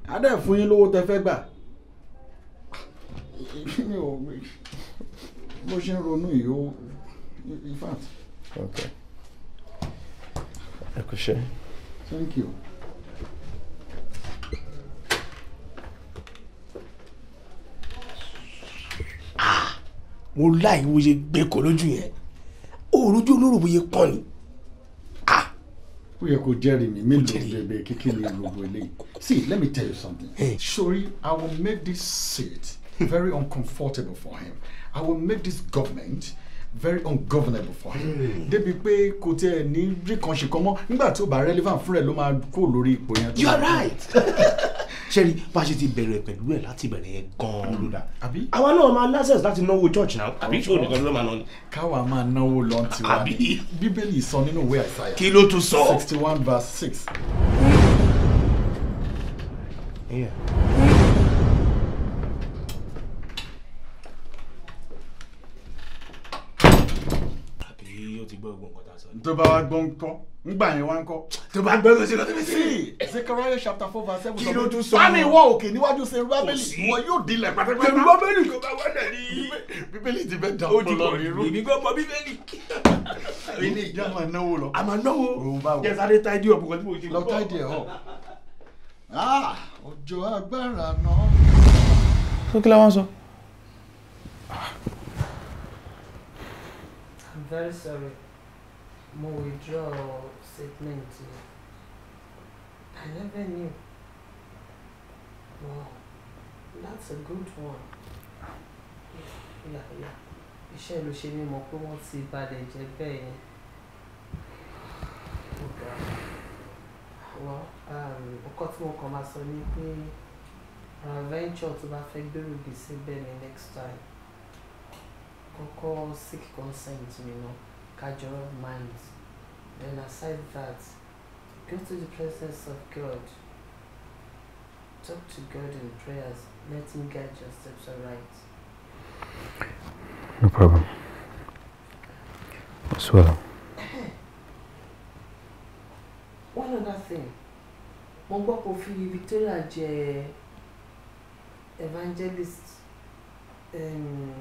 á dẹ̀ fún yín lówó tẹ fẹ́ gbà [LAUGHS] mo ṣe ń ronú yìí in fact. Okay. Ẹ Thank you. Ah! mo láì wo ṣe gbé kò lójú yẹn òrùjú olóró bóyá pọ́n ni. Ah! ó yẹ kó jẹ́rìí mi mélòó bèbè kékeré gbogbo eléyìí see let me tell you something hey. sorry i will make this seat very uncomfortable for him i will make this government very ungovernable for her hmm. débi pé kò tiẹ̀ ní rí kan ṣe kan mọ́ nígbà tí ó bá relevant fún rẹ̀ ló máa kó lórí ipò yẹn. you are right [LAUGHS] ṣẹ́ni bá a ṣe ti bẹ̀rẹ̀ pẹ̀lú ẹ̀ láti bẹ̀rẹ̀ yẹn gan-an ló dà àwa náà máa lásẹ̀sì láti náwó church náà àbí ṣé olùkọ́ ló máa ná ni. káwa máa náwó lọ ti wa ni bíbélì sọ nínú ìwé àìsàyà kí ló tún sọ sixty one verse six. Yeah. ti gbọ́ ogun nǹkan tá a sọ. tó bá wá gbọ́ ń kọ́ ngbà yẹn wá ń kọ́ tó bá gbọ́ lọ́sẹ̀ lọ́sẹ̀ sí. Zechariah chapter four verse seven. kí ló tún sọ. bámi wọ òkè níwájú Serubábélì wọn yóò dilẹ̀ pátápátá. Serubábélì kò bá wà dàní. bíbélì ti fẹ́ da ọpọlọ mi rú. èmi gbọ́ mọ bíbélì. ilé ìjà máa náwó lọ. a máa náwó. òun wọ. jẹ́ táìdì ọ̀pọ̀ kan tí mo ti gbọ́. lọ táìdì ah, ẹ̀ very sorry mo withdraw statement I never knew wow that's a good one yeah yeah iṣẹ́ ló ṣe ni mo pé wọ́n ti balẹ̀ jẹ́ bẹ́ẹ̀ yẹn oh well ọkọ um, tí mo kàn máa sọ ni pé Bonaventure tó bá fẹ́ gbèrò gbèsè bẹ́ẹ̀ ni next time call, seek consent mi ná kájọ mind then aside that go to the presence of God talk to God in prayers let him guide your steps aright. no problem as well. [COUGHS] one other thing mo gbọ́ kó fi Victoria jẹ evangelist. Um,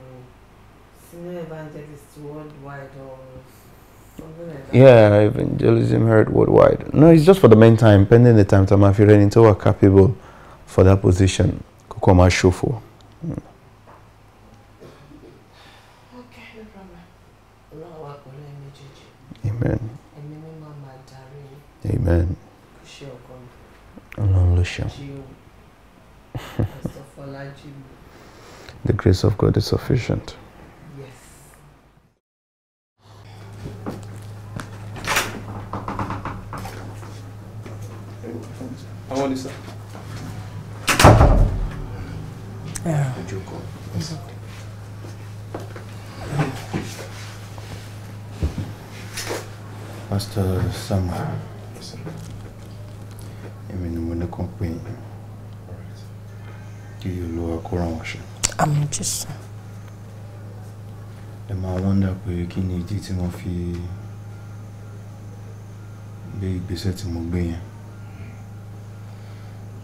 Yeah, evangelism heard worldwide. No, it's just for the meantime, pending the time time if you are ready to work, capable for that position. Kukoma Shofo. Mm. Amen. Amen. [LAUGHS] the grace of God is sufficient. wọn ni É. ojú kọ. Pastor Sama, èmi ni mo ní kàn pé yín kí Olúwa kó ràn wọ́n ṣe. Àmín Jésù. Ẹ máa wọ́ndà pé kí ni ìdí tí mo fi gbé ìgbésẹ̀ tí mo gbé yẹn.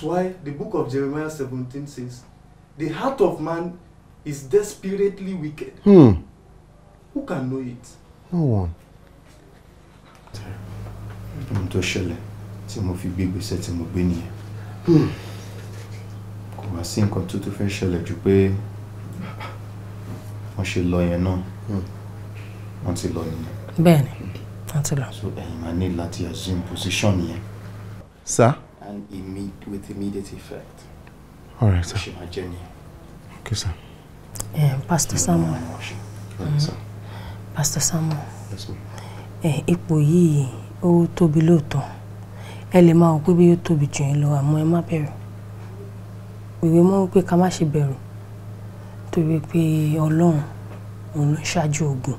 is why the book of Jeremiah 17 says, The heart of man is desperately wicked. Hmm. Who can know it? No one. Hmm. ohun tó ṣẹlẹ̀ tí mo fi gbé gbèsè tí mo gbé nìyẹn hmm. kò wá sí nǹkan tó tó fẹ́ ṣẹlẹ̀ ju pé wọ́n ṣe lọ yẹn náà hmm. wọ́n ti lọ nìyẹn. bẹ́ẹ̀ni wọ́n ti lọ. so ẹ̀yin máa ní láti assume position yẹn. sir and imme- with immediate effect. All right, sir. She journey. Okay, sir. Eh, Pastor Samuel. Mm -hmm. sir. Pastor Samuel. Yes, ma'am. Eh, ipò yìí ó tóbi lóòótọ́. Ẹ lè máa wò pé bí ó tóbi jù yín lọ àmọ́ ẹ má bẹ̀rù. Ìwé mọ́ wípé ká má ṣe bẹ̀rù. Torí pé Ọlọ́run òun ló ṣáájú ogun.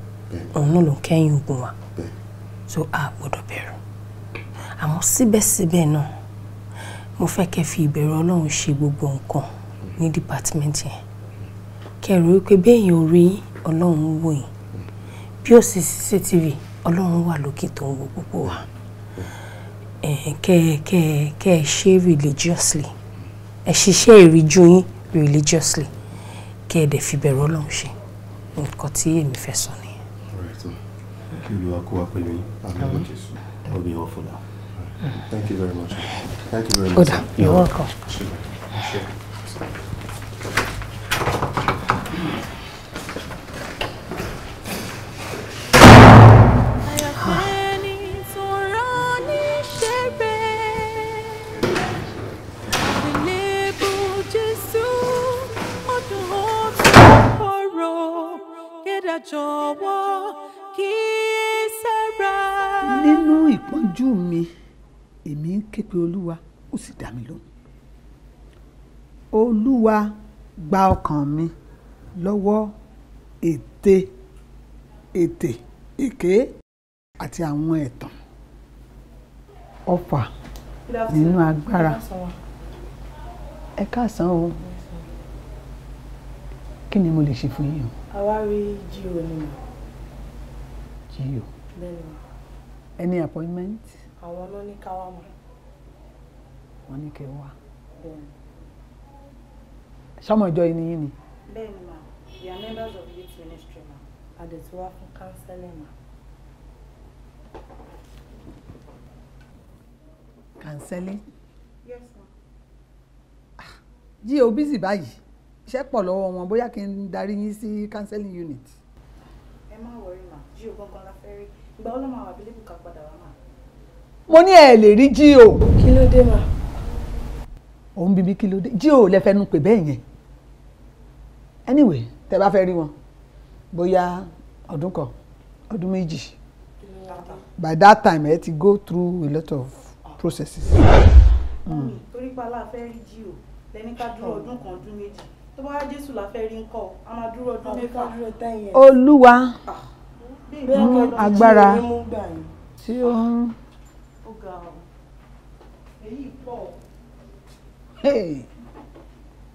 Òun náà ló kẹ́yìn ogun wa. So a gbọ́dọ̀ bẹ̀rù. Àmọ́ síbẹ̀síbẹ̀ náà mo fẹ́ kẹ́ fi ìbẹ̀rù ọlọ́run ṣe gbogbo nǹkan ní dìpátímẹ́ǹtì yẹn kẹrù wípé béèyàn orí ọlọ́run wò yín bí ó sì cctv ọlọ́run wà lókè tó ń wo gbogbo wa kẹ kẹ kẹ ṣe religiously ẹ ṣiṣẹ́ ìríjú yín religiously kẹ ẹ dẹ̀ fi bẹ̀rù ọlọ́run ṣe nǹkan tí èmi fẹ́ sọ nìyẹn. kí olùwà kó wa pẹ̀lú yín àmì ìwọ̀n jésù ọ̀gbìn ọ̀fọ̀là. Thank you very much. Thank you very much. Good. you're, you're welcome. nínú ìpọ́njú mi èmi ń ké pe olúwa ó sì dá mi lóhùn olúwa gba ọkàn mi lọ́wọ́ ète ètè èké àti àwọn ẹ̀tàn ọfà nínú agbára ẹ káàsán o kí ni mo lè ṣe fún yín o. àwa rí jíò ni jíò. bẹ́ẹ̀ ni. any appointment àwọn náà ní káwá mọ̀. wọ́n ní kẹ́ wá. sọmọ ìjọ yìí nìyí ni. bẹ́ẹ̀ni ma we are members of youth ministry ma àdètí wá fún counseling ma. counseling. yes ma. jí o bísí báyìí iṣẹ́ pọ̀ lọ́wọ́ wọn bóyá kí n darí yín sí counseling unit. ẹ má wọrí ma jí o gbọ́ngàn la fẹ́ rí ìgbà ọlọ́mọ àwọn abilékù ká padà wá ma mo ní ẹ lè rí jíò. kí ló dé mà. òun bíbí kí ló dé jíò lẹ fẹnu pè bẹ́ẹ̀ yẹn anyway tẹ bá fẹ́ rí wọn bóyá ọdún kan ọdún méjì by that time ẹ ti go through a lot of processes. Hmm. torí pa la fẹ́ rí jíò lẹ́ni ká dúró ọdún kan ọdún méjì tó bá wá jésù la fẹ́ rí ń kọ́ a máa dúró ọdún mẹ́fà. olúwa ah, mú agbára tí ó ń ga ọ èyí pọ̀.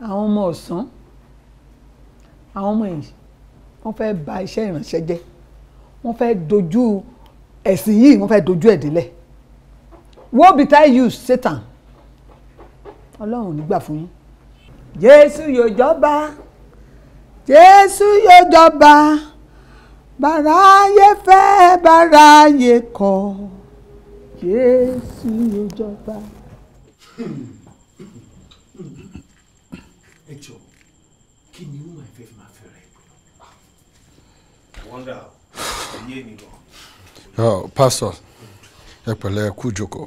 àwọn ọmọ ọ̀sán àwọn ọmọ yìí wọ́n fẹ́ bà iṣẹ́ ìránṣẹ́ jẹ́ wọ́n fẹ́ dojú ẹ̀sìn yìí wọ́n fẹ́ dojú ẹ̀ délẹ̀ wo bitter you Satan ọlọ́run ò ní gbà fún yín. Jésù yóò jọba Jésù yóò jọba bàráyé fẹ́ bàráyé kọ̀. Jésù ló jọba. ẹ jọ kí ni ó máa fẹ́ fi máa fẹ́ rẹ̀ wọ́ndà ẹ̀yẹ́ mi gan. pásítọ̀ ẹ pẹ̀lẹ́ kú jókòó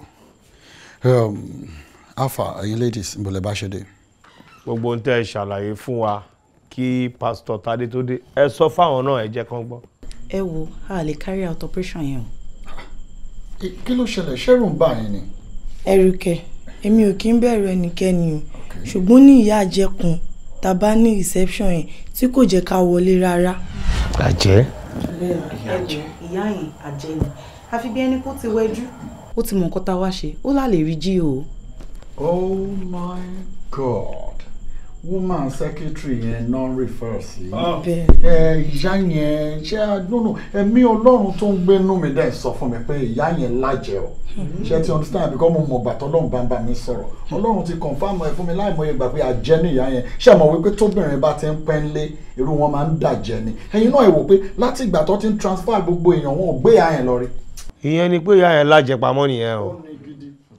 um, alpha ẹ̀yin ladies ń bọ̀lẹ̀ bá ṣe dé. gbogbo ohun tẹ́ ẹ ṣàlàyé fún wa kí pásítọ̀ Tádé tó dé ẹ sọ fáwọn náà ẹ jẹ́ kán gbọ́. ẹ wo a lè carry out operation yẹn o kí ló ṣẹlẹ̀ ṣẹ́rù ń bà yín ni. ẹ̀rù kẹ̀ èmi ò kí ń bẹ̀rù ẹnikẹ́ni o ṣùgbọ́n ní ìyá àjẹkùn tá bá ní reception yẹn tí kò jẹ́ ká wọlé rárá. àjẹ́. ìyá yẹn àjẹ́ ni àfi bí ẹni kó ti wẹjú. ó ti mọ nǹkan tá a wá ṣe ó lálẹ́ rí jí o. oh my god woman secretary yẹn non-refers yìí ah. ẹ ìyá yẹn ṣé àdúnnù ẹ̀mí ọlọ́run tó ń gbénú mi dẹ̀ sọ fún mi pé ìyá yẹn lájẹ o hmm. ṣé ti understand because mo mọ̀ bàtọ́ ọlọ́run bá ń bá mi sọ̀rọ̀ ọlọ́run ti confam ẹ fún mi láìmọye gbà pé àjẹ́ ní ìyá yẹn ṣé àmọ̀ wípé tóbìnrin bá ti ń pẹ́ ńlé irú wọn máa ń dàjẹ́ ni ẹ̀yin náà ẹ wò pé láti ìgbà tó ti ń transfer gbogbo èèyàn wọn ò gbé ìyá yẹn lọ rí. ìyẹn ni pé ìyá yẹn lájẹ pamọ́ nìyẹn o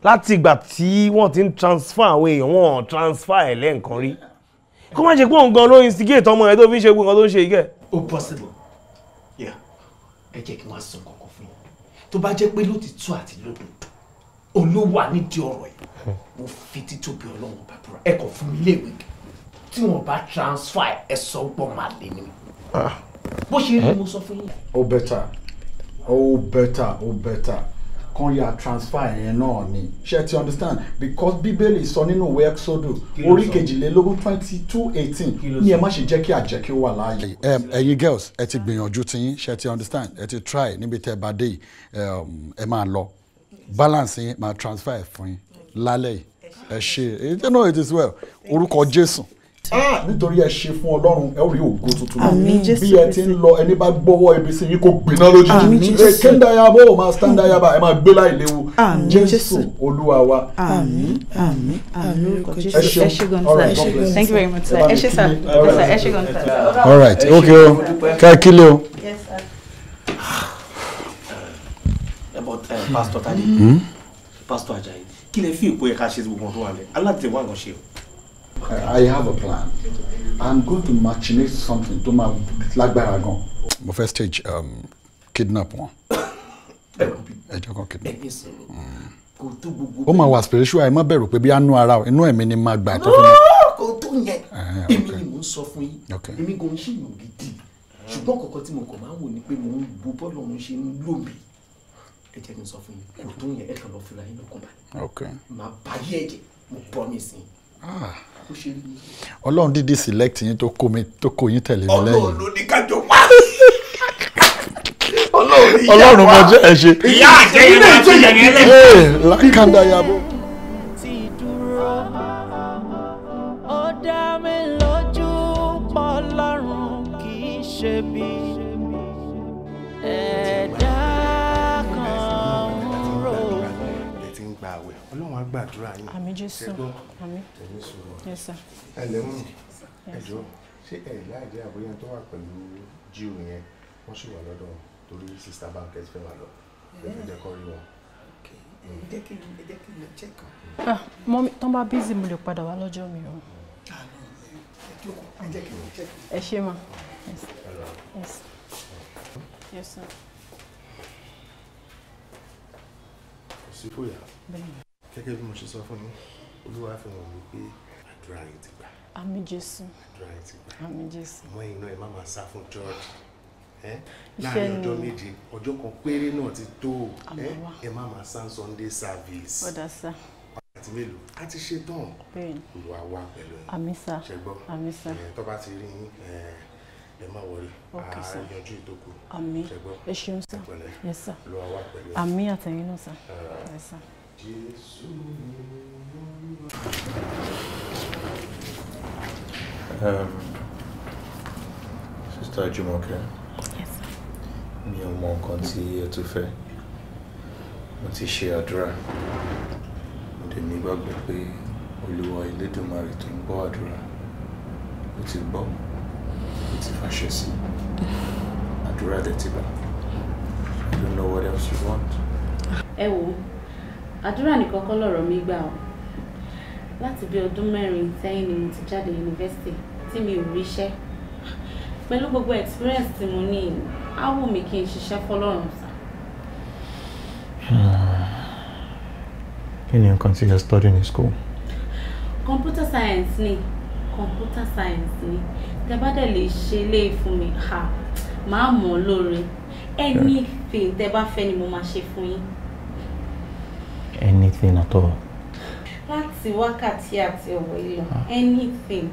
láti ìgbà tí wọ́n ti ń transfer àwọn èèyàn wọn transfer ẹ̀ lẹ́ǹkan rí kó má ṣe pé òun gan ló instigate ọmọ rẹ tó fi ń ṣe gbogbo nǹkan tó ń ṣe igẹ. ó possible yeah ẹ jẹ́ kí wọ́n sọ kankan fún yín tó bá jẹ́ pé lótìtú àti lódodo olówà nídìí ọ̀rọ̀ yìí mo fi títóbi ọlọ́run bàbúrà ẹ kàn fún mi léèwé tí wọ́n bá transfer ẹ sọ gbọ́n máa lé ni mi ah. bó ṣe rí eh? mo sọ fún yín. ó better. ó better. ó better kan ya transfer yẹn náà ni ṣe ti understand because bíbélì sọ nínú ìwé exodo orí kejìlélógún twenty two eighteen ní ẹ má ṣe jẹ́ kí àjẹkí wà láàyè. ẹ̀yin girls ẹ ti gbìyànjú tiyín ṣe ti understand ẹ ti try níbi tẹ́ ẹ bá dé ẹ máa lọ balance yín máa transfer ẹ fún yín lálẹ́ yìí ẹ ṣe it is well orúkọ jésù ah nítorí ẹ ṣe fún ọlọ́run ẹ ó rí ògo tuntun bí ẹ ti ń lọ ẹni bá gbọ́wọ́ ibi sí yín kò gbiná lójijì ẹ kéńdáyàbò ó máa standayàbà ẹ máa gbé láì léwu jésù olúwa wa. àmín àmín àmín ẹ ṣeun alright god bless thank you very much sir ẹ ṣe sir ẹ ṣe gan sir. alright okay oh. o ká kí lè o. pastor tade hmm? pastor ajayi kí lè fi ìpò ẹ̀ka ṣe gbogbo ọdún wa lẹ alátẹ̀wá gan ṣe o. I have a plan. I'm going to machinate something to my lágbára gan. Mo fẹ́ stage um, kidnap wọn. [COUGHS] Ẹjọ́ kan kidnap. Mm. Ó máa wà spiritual ẹ má bẹ̀rù pé bí a nú ara inú ẹ̀mí ni máa gbà tó fún mi. Ah, kò tó yẹn, eh, eh, èmi ni mò ń sọ fún yín, èmi gan ṣì yàn gidi. Ṣùgbọ́n kọ̀ọ̀kan tí mo kàn máa ń wò ni pé mò ń bu bọ́ọ̀lù ọ̀hún ṣe ń lò mí. Ẹ jẹ́ kí n sọ fún yín, kò tó yẹn ẹ kàn lọ fúnra yín lọ́kàn Màá bá yẹ̀ jẹ́, mo promise yín ọlọ́run dídí select yín tó kó mi tó kó yín tẹ̀lé mi lẹ́yìn. ọlọ́run ló ní kájọ wá. ọlọ́run mo jẹ́ ẹ ṣe. ìyá àtẹ̀yìn náà tó yẹ ní ẹlẹ́yìn. lákàndá yabọ. ṣe bí ẹ. Ọlọ́run á gbàdúrà yín. Àmín Jésù. Ṣẹ́gbọ́n tẹ̀mí sọ̀rọ̀. Ẹ lẹ́mú ẹ̀jọ́ ṣé ẹ̀yìn láìdí àbóyá tó wà pẹ̀lú jíò yẹn wọ́n sì wà lọ́dọ̀ torí sista Bankers fẹ́ wà lọ. Ẹ̀fẹ̀ jẹ́ kọ́ rí wọn. Jẹ́ kí n lọ jẹ́ kan. Ah, mọ́mí tán bá bízì mo lè padà wá lọ́jọ́ mi o. Ah, ẹ ṣe mà. Yes sir. Kò sí fòyà gẹ́gẹ́ bí mo ṣe sọ fún mi olúwa fi hàn mí pé àdúrà yìí ti gbà. àmín jésù àdúrà yìí ti gbà. àmín jésù. ọmọ iná ẹ má máa sá fún church láàrin ọjọ́ méje ọjọ́ kan péré náà ti tó ẹ má máa sá sunday service. ọ̀dà sá àti mélòó a ti ṣe tán olùwà wa pẹ̀lú ṣẹgbọ́n tó bá ti rí ẹ má wọrí àyànjú ìdókòwò ṣẹgbọ́n ẹ ṣeun sá lọ́wọ́ wa pẹ̀lú àmì àtẹ̀yìn náà sá. Um, Sister Jumoke. Yes. Mi ò mọ nǹkan tí ẹ tún fẹ́. Mo ti ṣe àdúrà. Mo dẹ̀ nígbàgbọ́ pé Olúwa Elédùmarè tó ń gbọ́ àdúrà. Ó ti gbọ́. Ó ti fàṣẹ sí. Àdúrà dẹ̀ ti bá. I don't know what else you want. Ẹ wo àdúrà nìkan kọ́ lọ̀rọ̀ mi gbà ọ́ láti bí ọdún mẹ́rin sẹ́yìn ni mo ti jáde yunifásitì tí mi ò ríṣẹ́ pẹ̀lú gbogbo experience tí mo ní á wù mí kí n ṣiṣẹ́ fọlọ́run sá. kí ni nǹkan tí you're studying in school. computer science ni computer science ni tẹ bá dẹ̀ lè ṣe léè fún mi máa mọ̀ ọ́ lóore anything tẹ bá fẹ́ ni mo máa ṣe fún yín anything at all. láti wákàtí àti ọ̀wọ́ ìlọ ah. anything.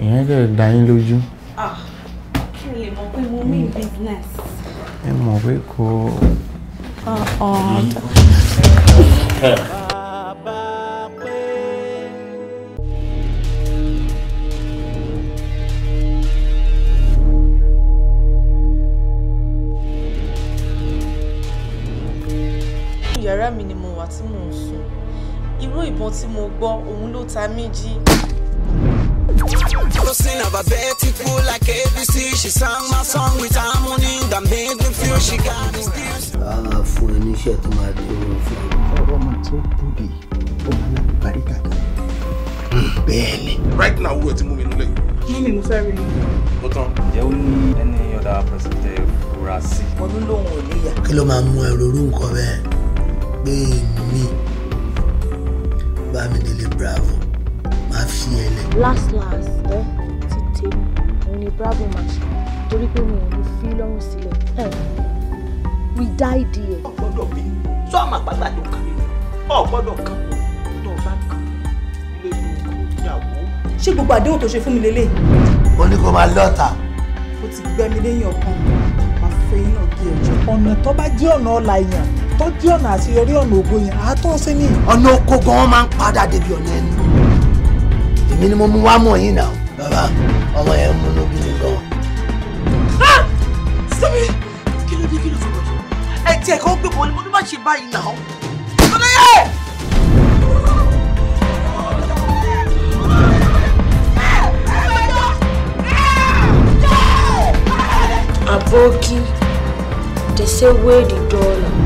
ìyẹn dẹ̀ dá yín lójú. Ah, kí n lè mọ̀ pé mo mean business. ẹ mọ̀ pé kò. ọ̀ọ́. Uh-uh. mẹ́wàá tí mò ń sùn irú ìbọn tí mo gbọ́ òun ló ta mí jí. Tosin about Betty cool like ABC. She sang my song with harmony that made me feel she got this gift. Ah, fún ẹ níṣẹ́ tó máa dé orí fún ẹ. Ọ̀rọ̀ máa tó bùdì, ó máa ń baríkà kan. Bẹ́ẹ̀ ni. Right now, wo ẹ ti mú mi lulẹ̀. Mọ́mí mo fẹ́ rí i. Ó tán. Ǹjẹ́ ó ní ẹni ọ̀dà pẹ̀sẹ̀ntẹ̀ fura sí? Mo ní lóun ò níyà. Kí ló máa mú ẹ ronú nǹkan bẹ́ẹ̀? pé mi Bámidélé Bravo máa fi ẹ lẹ. last last ẹ ti tèmi òun ni Bravo máa ṣe torí pé mi ò ní fi lọ́rùn sílẹ̀ ẹ we die there. ọgbọ́dọ̀ bí sọ àmà pàtàkì kan ọgbọ́dọ̀ kan tó bá kan ilé ìlú ìyàwó. ṣé gbogbo àdéhùn tó ṣe fún mi lélẹ̀. ó ní kó máa lọ́ta. ó ti gbẹ́mi lẹ́yìn ọkàn máa fẹ́ yín náà gé ẹjọ́. ọ̀nà tó bá jẹ́ ọ̀nà ọ̀la èèyàn tó jẹ́ ọ̀nà àṣeyọrí ọ̀nà ògo yẹn á tọ́ sí ni. ọ̀nà oko gan-an máa ń padà débi ọ̀nà ẹnu èmi ni mo mú wá mọ̀ yín náà bàbá ọmọ yẹn mú inú bíi gan. Ah! sẹ́mi kí ló dé kí ló fẹ́ wọ́n ẹ tiẹ̀ kọ́ gbé bọ́ọ̀lù mo ní má ṣe báyìí náà. ọ̀nàyẹ. Aboki, they say where the dollar.